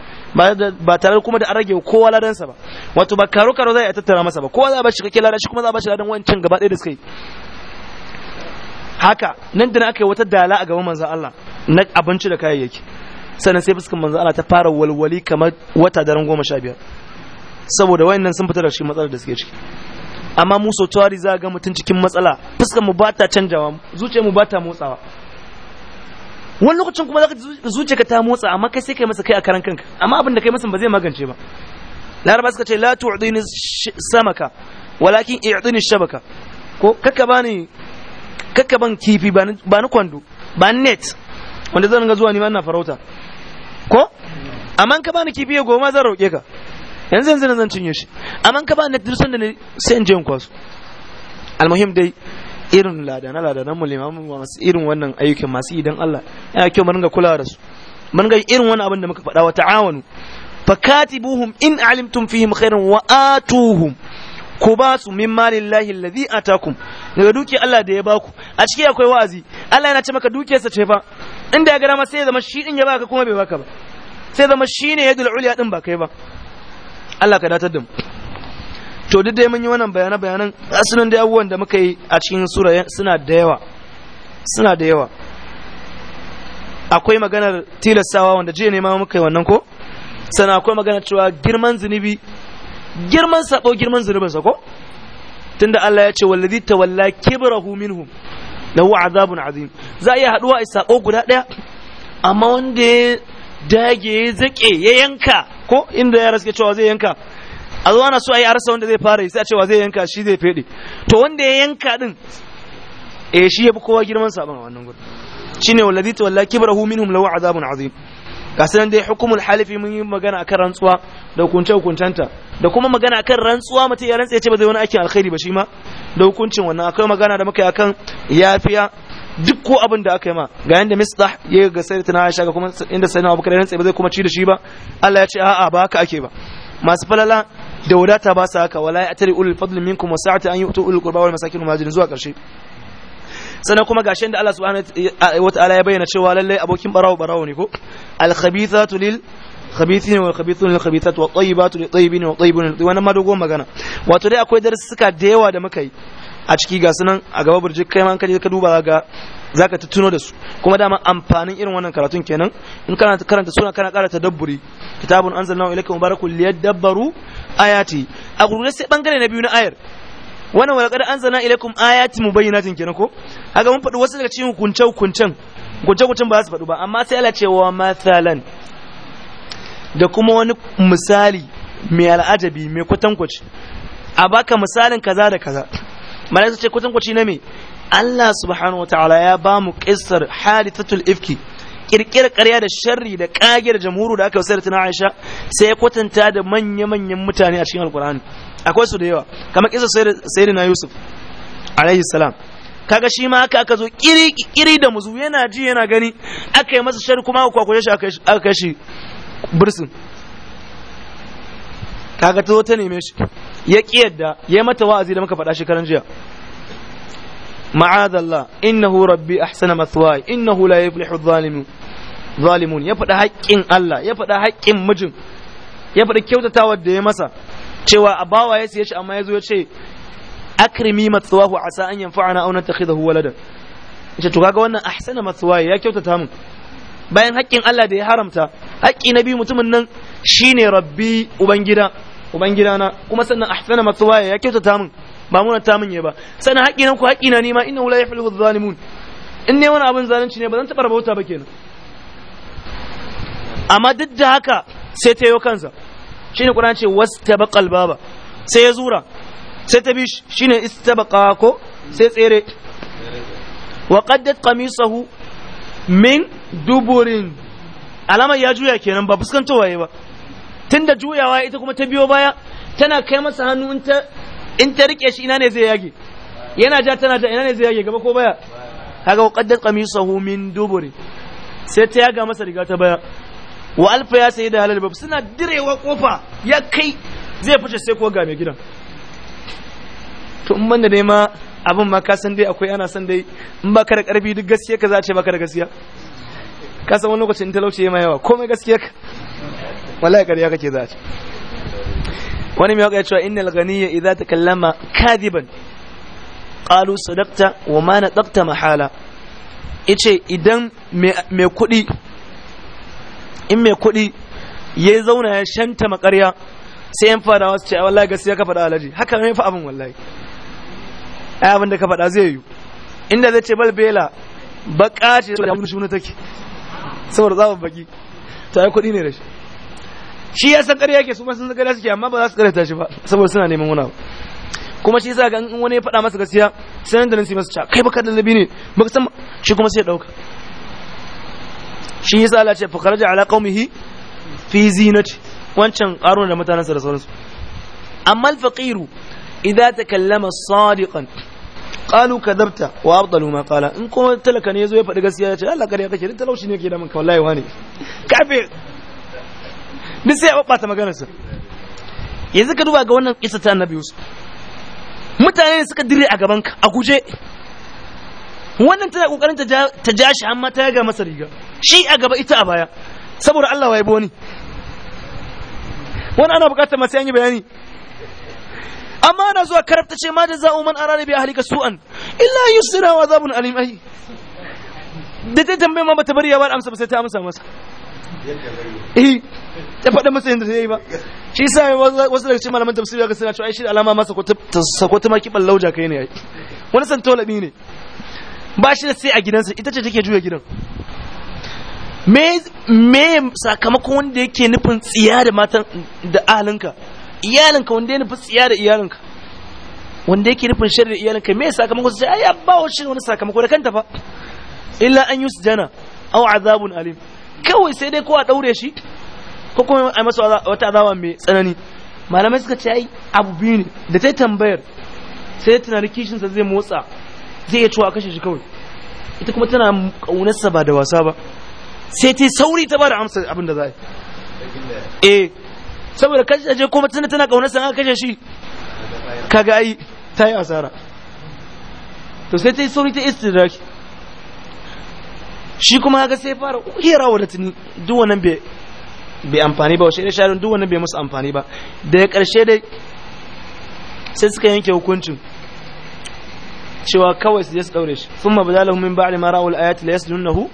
ba tare kuma da an rage kowa ladansa ba wato ba karo karo zai a tattara masa ba kowa za a bashi kake ladan shi kuma za a bashi ladan wancan gaba ɗaya da suka yi haka nan da na aka yi wata dala a gaban manzon Allah na abinci da kayayyaki sannan sai fuskan manzo Allah ta fara walwali kamar wata daren goma sha biyar saboda wayannan sun fita da shi matsalar da suke ciki amma mu sau tawari za ga mutun cikin matsala Fuskan mu ba ta canjawa zuciyar mu ba ta motsawa wani lokacin kuma zaka zuciya ka ta motsa amma kai sai kai masa kai a karan kanka amma abin da kai masa ba zai magance ba laraba suka ce la tu'dini samaka walakin i'dini shabaka ko kakka bani kakka ban kifi ba ni kwando ba net wanda zan ga zuwa ni ma ina farauta ko amma ka bani kifi ya goma zan roƙe ka yanzu yanzu zan cinye shi amma ka bani duk sanda ne sai in je in kwasu almuhim dai irin ladana ladanan mu limamu masu irin wannan ayyukan masu idan Allah ya kyau mu ringa kulawa da su mun ga irin wani abin da muka faɗa wa ta'awanu fakatibuhum in alimtum fihim khairan wa atuhum ku ba su min malillahi alladhi atakum daga duki Allah da ya baku a cikin akwai wa'azi Allah yana ce maka sa ce fa inda ya gara ma sai zama shi din ya baka kuma bai baka ba sai zama shi ne yadul uliya din ba kai ba Allah ka datar da mu to duk dai mun yi wannan bayanan bayanan asalin da abubuwan da muka yi a cikin sura suna da yawa suna da yawa akwai maganar tilastawa wanda jiya ne ma muka yi wannan ko sannan akwai maganar cewa girman zunubi girman sabo girman zunubinsa ko tunda Allah ya ce wallazi tawalla kibrahu minhum lahu azabun azim za a iya haduwa a sako guda daya amma wanda ya dage ya zake ya yanka ko inda ya raske cewa zai yanka a zuwa na so a yi arsa wanda zai fara yi sai a cewa zai yanka shi zai fede to wanda ya yanka din eh shi ya fi kowa girman sabon a wannan gudu shine wallazi tawalla kibrahu minhum lahu azabun azim gasu dai hukumul halifi mun yi magana akan rantsuwa da hukunce hukuntanta da kuma magana akan rantsuwa mutum ya rantsa ya ce ba zai wani aikin alkhairi ba shi ma da hukuncin wannan akwai magana da muka yi akan yafiya duk ko abin da aka yi ma ga yanda mistah ya ga sai tana Aisha ga kuma inda sai na Abubakar ya rantsa ba zai kuma ci da shi ba Allah ya ce a'a ba haka ake ba masu falala da wadata ba su haka wala ya atari ulul fadl minkum wa sa'ati an yu'tu ulul qurba wal masakin wal zuwa karshe sannan kuma gashin da Allah subhanahu wataala ya bayyana cewa lallai abokin barawo barawo ne ko al khabithatu lil khabithin wal khabithun lil khabithat wa tayyibatu lil tayyibin wa tayyibun lil wannan ma dogon magana wato dai akwai darussuka da yawa da muka yi a ciki ga sunan a gaba burje kai ma kaje ka duba ga za ka da su kuma dama amfanin irin wannan karatun kenan in kana karanta suna kana ƙara tadabburi kitabun anzalnahu ilayka barakul liyadabbaru ayati a gurgurda sai bangare na biyu na ayar wannan ilaikun ayati mu bayyana mubayyinatin kenan ko a mun faɗi wasu daga cikin hukunce hukuncen hukunce hukuncen ba su faɗi ba amma sai ala ce mathalan da kuma wani misali mai al'ajabi mai kwatankwaci a baka misalin kaza da kaza su ce kwatankwaci na mai Allah subhanahu wa ta'ala ya ba mu qissar hadithatul ifki kirkirar karya da sharri da kage da jamhuru da aka da tana Aisha sai ya kwatanta da manya-manyan mutane a cikin alkur'ani akwai su da yawa kamar kisa na yusuf alaihi salam kaga shi ma aka aka zo kiri da muzu yana ji yana gani aka yi masa shari kuma aka kwakwashe shi aka kai shi bursin kaga ta zo ta neme shi ya ki yadda ya mata wa'azi da muka faɗa shekaran jiya ma'adallah innahu rabbi ahsana mathwaya innahu la yuflihu zalimun zalimun ya faɗa haƙƙin Allah ya faɗa haƙƙin mijin ya faɗa kyautatawar da ya masa cewa a bawa ya siye shi amma ya zo ya ce akrimi matsuwahu asa an yanfa'ana aw natakhidahu waladan yace to kaga wannan ahsana matsuwaye ya kyautata mun. bayan haƙƙin Allah da ya haramta haƙƙi na biyu mutumin nan shine rabbi ubangida ubangida na kuma sannan ahsana matsuwaye ya kyautata mun ba muna ta min ba sannan haƙƙi na ku haƙƙi na nima innahu la yahlifu adh-dhalimun in ne wani abin zalunci ne ba zan taɓa rabauta ba kenan amma duk da haka sai ta yi kansa ne Qur'an ce wasu wastabaqal baba sai ya zura sai ta bi shine istabaqa ko sai tsere wa qaddat qamisahu min duburin alamar ya juya kenan ba fuskantowa waye ba tun da juyawa ita kuma ta biyo baya tana kai masa hannu in ta in rike shi ina ne zai yage yana ja tana ja ina ne zai yage gaba ko baya kaga qaddat qamisahu min duburin sai ta yaga masa riga ta baya wa alfa ya sayi da halal babu suna direwa kofa ya kai zai fice sai ko ga mai gidan to in banda dai ma abin ma ka san dai akwai ana san dai in ba da karfi duk gaskiya ka za ce baka da gaskiya ka san wani lokacin talauci ya ma yawa komai gaskiya ka wallahi kariya kake za ce wani mai waka cewa innal ghaniyya idza takallama kadiban qalu sadaqta wa ma nadaqta mahala yace idan mai kuɗi in mai kuɗi ya zauna ya shanta makarya sai yan fada wasu ce wallahi gaskiya ka faɗa alaji haka ne fa abin wallahi ai abin da ka faɗa zai yi inda zai ce bal bela baka ce da mutum shuna take saboda zaɓin baki to ai kuɗi ne da shi shi ya san ƙarya yake su sun san ƙarya suke amma ba za su ƙarya shi ba saboda suna neman wani abu kuma shi yasa ga in wani ya faɗa masa gaskiya sai nan da nan sai masa ca kai baka da labi ne baka san shi kuma sai ya ɗauka shi yasa Allah ce fakaraja ala qaumihi fi zinati wancan qaruna da mutanansa da sauransu amma al-faqiru idza takallama sadiqan qalu kadabta wa abdalu ma qala in kuma talaka ne yazo ya faɗi gaskiya ya ce Allah kare kake din talaushi ne yake da manka wallahi wani kafe duk sai ya babbata maganarsa yanzu ka duba ga wannan kisa ta annabi Yusuf mutane suka dire a gabanka a guje wannan tana kokarin ta ja shi amma ta ga masa riga shi a gaba ita a baya saboda Allah wa ya wani wani ana bukatar masu yanyi bayani amma ana zuwa karabta ce ma da za'u man arani bi ahlika su'an illa za wa na alim ai da ta tambaye ma bata bari ya bar amsa ba sai ta amsa masa eh ta faɗa masa yadda ta yi ba shi yasa wasu daga cikin malaman tafsiri ga suna cewa ai shi alama ma sako ta maki ballauja kai ne wani santolabi ne ba shi da sai a gidansa ita ce take juya gidan me me sakamakon wanda yake nufin tsiya da matan da ahalinka iyalinka wanda ya nufi tsiya da iyalinka wanda yake nufin shari da iyalinka me sakamakon sai ai ba wa shi wani sakamako da kanta fa illa an yusjana aw azabun alim kawai sai dai ko a daure shi ko kuma a masa wata azaba mai tsanani malamai suka ce ai abu biyu ne da ta tambayar sai tunanin kishinsa zai motsa zai iya tuwa kashe shi kawai ita kuma tana kaunarsa ba da wasa ba sai ta sauri ta bada amsa amsa abin da za eh saboda kashe je kuma tana tana kaunar san kashe shi kaga ai ta yi asara to sai ta yi sauri ta istidrak shi kuma ga sai fara hira wa tuni duk wannan bai bai amfani ba shaidar shaidar duk wannan bai musu amfani ba Da ya karshe dai sai suka yanke hukuncin cewa kawai su ya su daure shi sun mabda lahum min ba'di ma ra'ul ayati la yasjunahu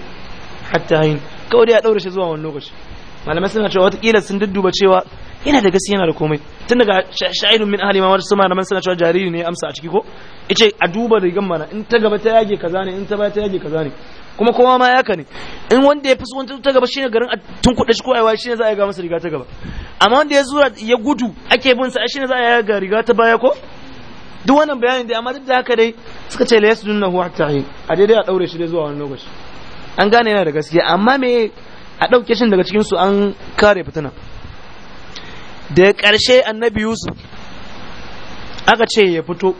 hatta hain kawai da ya daure shi zuwa wani lokaci malamai suna cewa watakila sun dudduba cewa yana da gaskiya yana da komai tun daga sha'idun min ahli ma wata sama malamai suna cewa jariri ne ya amsa a ciki ko ice a duba rigan mana in ta gaba ta yage kaza ne in ta baya ta yage kaza ne kuma kowa ma yaka ne in wanda ya fusu wanda ta gaba shine garin a tun kuɗa shi ko aiwa shine za a ga masa riga ta gaba amma wanda ya zura ya gudu ake bin sa shine za a ga riga ta baya ko duk wannan bayanin dai amma duk da haka dai suka ce la yasdunnahu hatta hin a daidai a daure shi dai zuwa wani lokaci an gane yana da gaskiya amma me a ɗauke shi daga cikinsu an kare fitina da ƙarshe annabi yusuf aka ce ya fito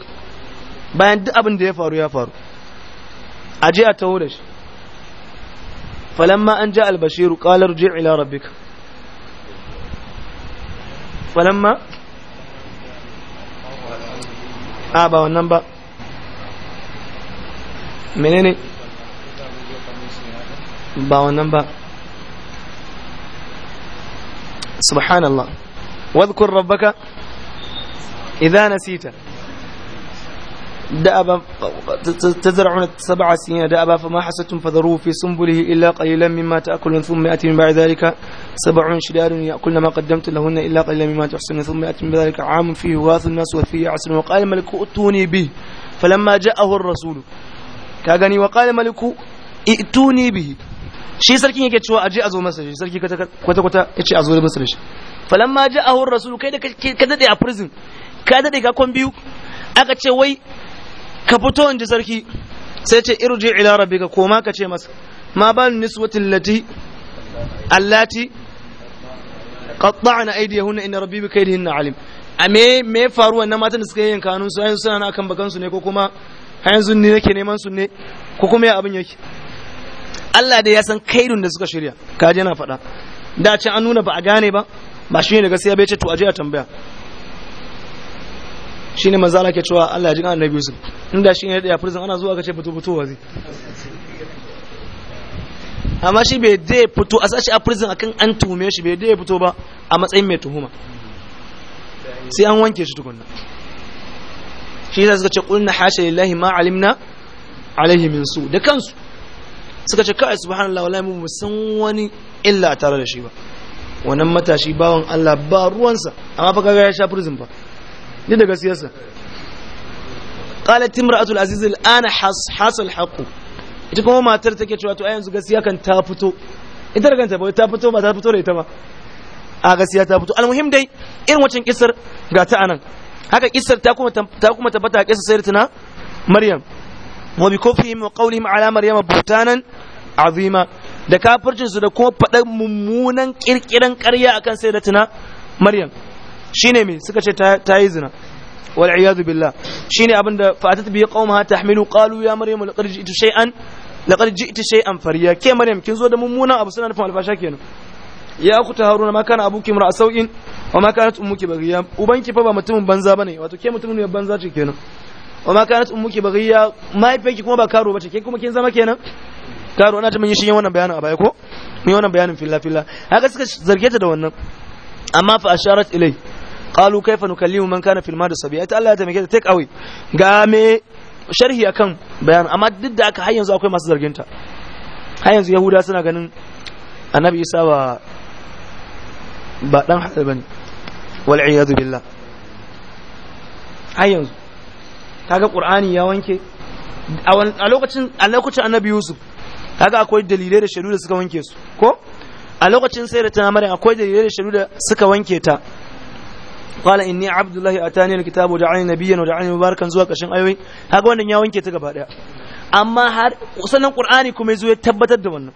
bayan duk abin da ya faru ya faru a je a taho da shi falamma an ja albashiru ƙalar je ila rabbika falamma a ba wannan ba menene ba wannan ba subhanallah wadhkur rabbaka idza nasita دأبا تزرعون سبع سنين دأبا فما حسدتم فذروه في سنبله إلا قليلا مما تاكل ثم يأتي من بعد ذلك سبع شدار يأكلن ما قدمت لهن إلا قليلا مما تحسن ثم يأتي من بعد ذلك عام فيه واث الناس وفيه عسر وقال الملك ائتوني به فلما جاءه الرسول كاغني وقال الملك ائتوني به shi sarkin yake cewa aje a zo masa shi sarki kwata kwata yace a zo masa da shi falamma ja'ahu rasul kai da ka dade a prison ka dade ka kon biyu aka ce wai ka fito ji sarki sai ce irji ila rabbika koma ka ce masa ma ban niswatin lati allati qatta'na aydihun inna rabbi bi kaydihinna alim a me me faruwa na matan da suka yi kanun su ayin suna na akan bakan su ne ko kuma a yanzu ne nake neman su ne ko kuma ya abin yake Allah dai ya san kaidun da suka shirya kaje na faɗa da can an nuna ba a gane ba ba shi ne gaskiya bai ce to aje a tambaya shi ne manzo Allah ke cewa Allah ya ji annabi su inda shi ne da ya furzan ana zuwa ka ce fito fito wazi amma shi bai da ya fito a sashi a furzan akan an tuhume shi bai da ya fito ba a matsayin mai tuhuma sai an wanke shi tukunna shi yasa suka ce kulna hasha lillahi ma alimna alaihi min su da kansu suka ce kai subhanallah wallahi mu san wani illa tare da shi ba wannan matashi bawan Allah ba ruwansa amma fa kaga ya sha prison ba. ni da gaskiyarsa qalat imra'atul aziz ana hasal haqu ita kuma matar take cewa to a yanzu gaskiya kan ta fito ita da kanta ba ta fito ba ta fito da ita ba a gaskiya ta fito almuhim dai irin wacin kisar ga ta anan haka kisar ta kuma ta kuma tabbata kisar kisa sayyidatina maryam wa bi kufrihim wa qawlihim ala maryama butanan azima da kafircin su da kuma faɗan mummunan kirkiran ƙarya akan sayyidatina maryam shine me suka ce ta yi zina wal iyadu billah shine abinda fatat bi qauma tahmilu qalu ya maryam laqad ji'tu shay'an laqad ji'ti shay'an fariya ke maryam kin zo da mummunan abu suna nufin alfasha kenan ya ta haruna ma kana abuki mar'a sau'in wa ma kanat ummuki baghiya ubanki fa ba mutumin banza bane wato ke mutumin banza ce kenan wa ma kanat ummuki baghiya mahaifinki kuma ba karo bace ke kuma kin zama kenan karo ana ta mun yi shi wannan bayanin a baya ko mun yi wannan bayanin filla filla haka suka zarge ta da wannan amma fa asharat ilai qalu kayfa nukallimu man kana fil madu sabiya ta Allah ya tamake ta take away ga me sharhi akan bayan amma duk da aka har yanzu akwai masu ta har yanzu yahuda suna ganin annabi isa ba ba dan hadal bane wal iyad billah har yanzu kaga qur'ani ya wanke a lokacin a lokacin annabi yusuf kaga akwai dalilai da shaidu da suka wanke su ko a lokacin sai da tana mare akwai dalilai da shaidu da suka wanke ta qala inni abdullahi atani alkitabu da'ani nabiyyan wa da'ani mubarakan zuwa kashin ayoyi kaga wannan ya wanke ta gaba daya amma har sanan qur'ani kuma yazo ya tabbatar da wannan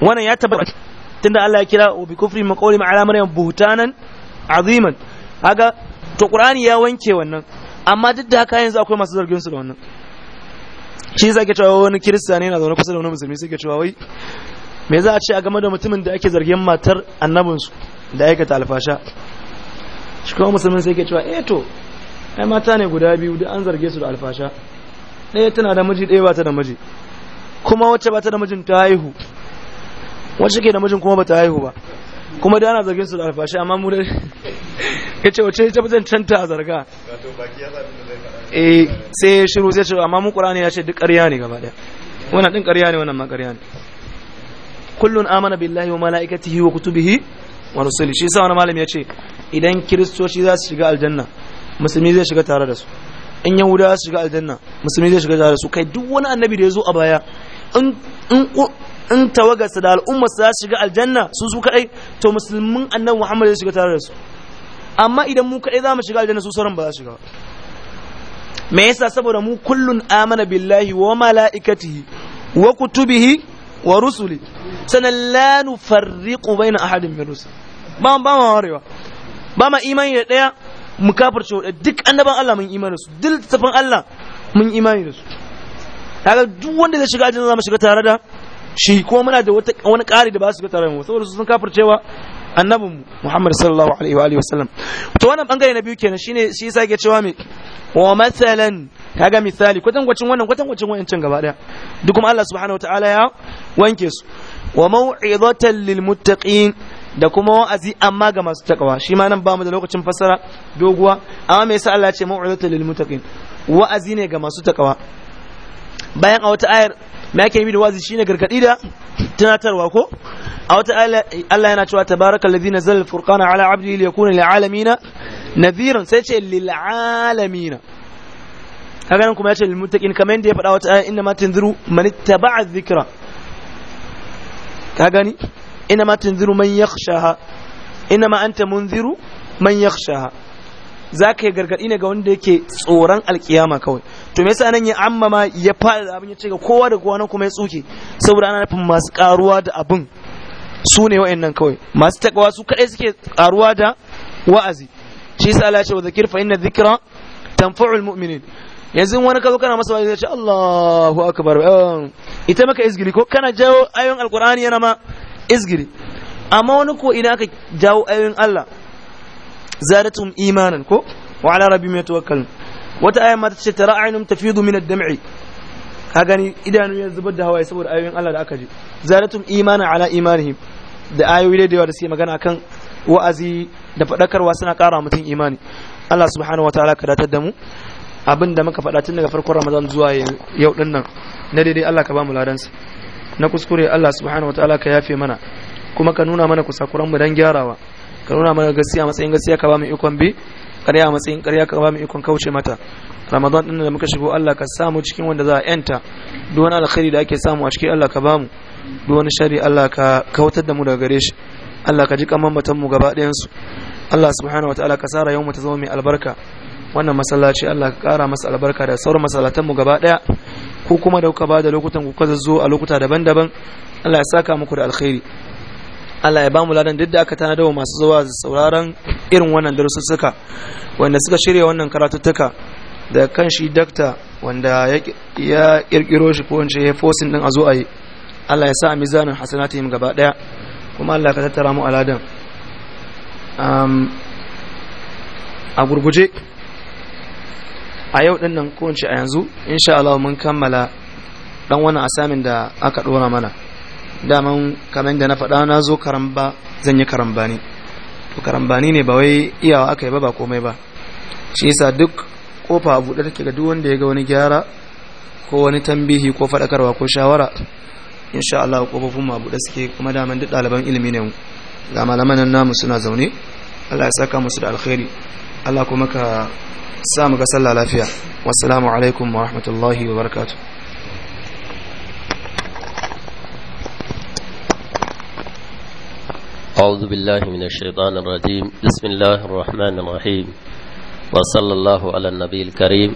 wannan ya tabbata tunda Allah ya kira wa bi kufri maqawli ma'ala maryam buhtanan aziman kaga to qur'ani ya wanke wannan amma duk da haka yanzu akwai masu zargin su da wannan shi yasa ke cewa wani kirista ne yana zaune kusa da wani musulmi sai ke cewa wai me za a ce a game da mutumin da ake zargin matar annabinsu da aikata alfasha shi kuma musulmin sai ke cewa eh to ai mata ne guda biyu da an zarge su da alfasha ɗaya tana da miji ɗaya bata da miji kuma wacce bata da mijin ta haihu wacce ke da mijin kuma bata haihu ba kuma da ana zargin su da alfashi amma mu dai ya ce wace ta zan canta a zarga eh, sai ya shiru sai ce amma mu ne ya ce duk ƙarya ne gaba daya wannan ɗin ƙarya ne wannan ma ƙarya ne kullun amana billahi wa malaikatihi wa kutubihi wa rusuli shi yasa wani malami ya ce idan kiristoci za su shiga aljanna musulmi zai shiga tare da su in yahuda za su shiga aljanna musulmi zai shiga tare da su kai duk wani annabi da ya zo a baya in in tawagarsa da al'ummarsa za su shiga aljanna su su kadai to musulmin annabi Muhammad zai shiga tare da su amma idan mu kadai za mu shiga aljanna su sauran ba za su shiga me yasa saboda mu kullun amana billahi wa mala'ikatihi wa kutubihi wa rusuli sanan la nufarriqu baina ahadin min rusul ba ba ma warewa ba ma imani da daya mu kafirce da duk annaban Allah mun imani da su duk tafin Allah mun imani da su kaga duk wanda zai shiga aljanna za mu shiga tare da shi ko muna da wani ƙari da ba su ga tare mu saboda su sun kafircewa annabin Muhammad sallallahu alaihi wa alihi wasallam to wannan bangare na biyu kenan shine shi yasa yake cewa me wa masalan kaga misali kwatan kwacin wannan kwatankwacin kwacin wancan gaba daya duk kuma Allah subhanahu wataala ya wanke su wa mau'izatan lil muttaqin da kuma wa'azi amma ga masu takawa shi ma nan ba mu da lokacin fassara doguwa amma me yasa Allah ya ce mau'izatan lil muttaqin wa'azi ne ga masu takawa bayan a wata ayar me ake yi da wazi shine gargadi da tunatarwa ko a wata Allah yana cewa tabarakal ladzi nazal al-furqana ala 'abdihi liyakuna lil na nadhiran sai ce lil 'alamin kaga nan kuma ya ce lil muttaqin kamar inda ya faɗa wata aya inna ma tunziru man ittaba'a dhikra ka gani inna ma tunziru man yakhshaha inna ma anta munziru man yakhshaha zaka yi gargadi ne ga wanda yake tsoron alkiyama kawai to me yasa nan ya amma ma ya fara da abin ya ce ga kowa da kowa nan kuma ya tsuke saboda ana nufin masu karuwa da abin su ne wa'annan kawai masu takawa su kadai suke karuwa da wa'azi shi yasa Allah ya ce wa zakir fa inna dhikra tanfa'u almu'minin yanzu wani kazo kana masa wa'azi ya ce Allahu akbar um, ita maka izgiri ko kana jawo ayoyin alqur'ani yana ma izgiri amma wani ko idan aka jawo ayoyin Allah zaratum imanan ko wa ala rabbihim yatawakkalun wata aya ma ta ce tara ainun tafidu min ad-dam'i ka idanu ya zubar da hawaye saboda ayoyin Allah da aka ji zalatum imanin ala imanihim da ayoyi da yawa da suke magana kan wa'azi da faɗakarwa suna kara mutum imani Allah subhanahu wataala ka datar da mu abin da muka faɗa tun daga farkon Ramadan zuwa yau din nan na daidai Allah ka ba mu ladansa na kuskure Allah subhanahu wataala ka yafe mana kuma ka nuna mana kusakuran mu dan gyarawa ka nuna mana gaskiya matsayin gaskiya ka ba mu ikon bi ƙarya matsayin ƙarya ka ba mu ikon kauce mata ramadan din da muka shigo Allah ka samu cikin wanda za a yanta duk wani alkhairi da ake samu a cikin Allah ka bamu duk wani shari Allah ka kautar da mu daga gare shi Allah ka ji kaman matan mu gaba ɗayan su Allah subhanahu wataala ka sara yau mu ta zama mai albarka wannan masallaci Allah ka kara masa albarka da sauran masallatan mu gaba ɗaya ko kuma da kuka ba da lokutan ku kaza zo a lokuta daban-daban Allah ya saka muku da alkhairi Allah ya ba mu ladan duk da aka tana wa masu zuwa sauraron irin wannan darussuka wanda suka shirya wannan karatuttuka da kan shi dakta wanda ya kirkiro shi ko wance ya fosin din a zo a yi Allah ya sa a mizanin hasanatihim gaba daya kuma Allah ka tattara mu aladan a gurguje a yau din nan ko a yanzu insha Allah mun kammala dan wani asamin da aka dora mana daman kamar da na faɗa na zo karamba zan yi karambani to karamba ne ba wai iyawa aka yi ba ba komai ba shi yasa duk kofa a buɗe take ga duk wanda ya ga wani gyara ko wani tambihi ko faɗakarwa ko shawara insha Allah kofofin a buɗe suke kuma daman duk ɗaliban ilimi ne ga malaman nan namu suna zaune Allah ya saka musu da alkhairi Allah kuma ka sa mu ga sallah lafiya wassalamu alaikum wa rahmatullahi wa barakatuh أعوذ بالله من الشيطان الرجيم بسم الله الرحمن الرحيم وصلى الله على النبي الكريم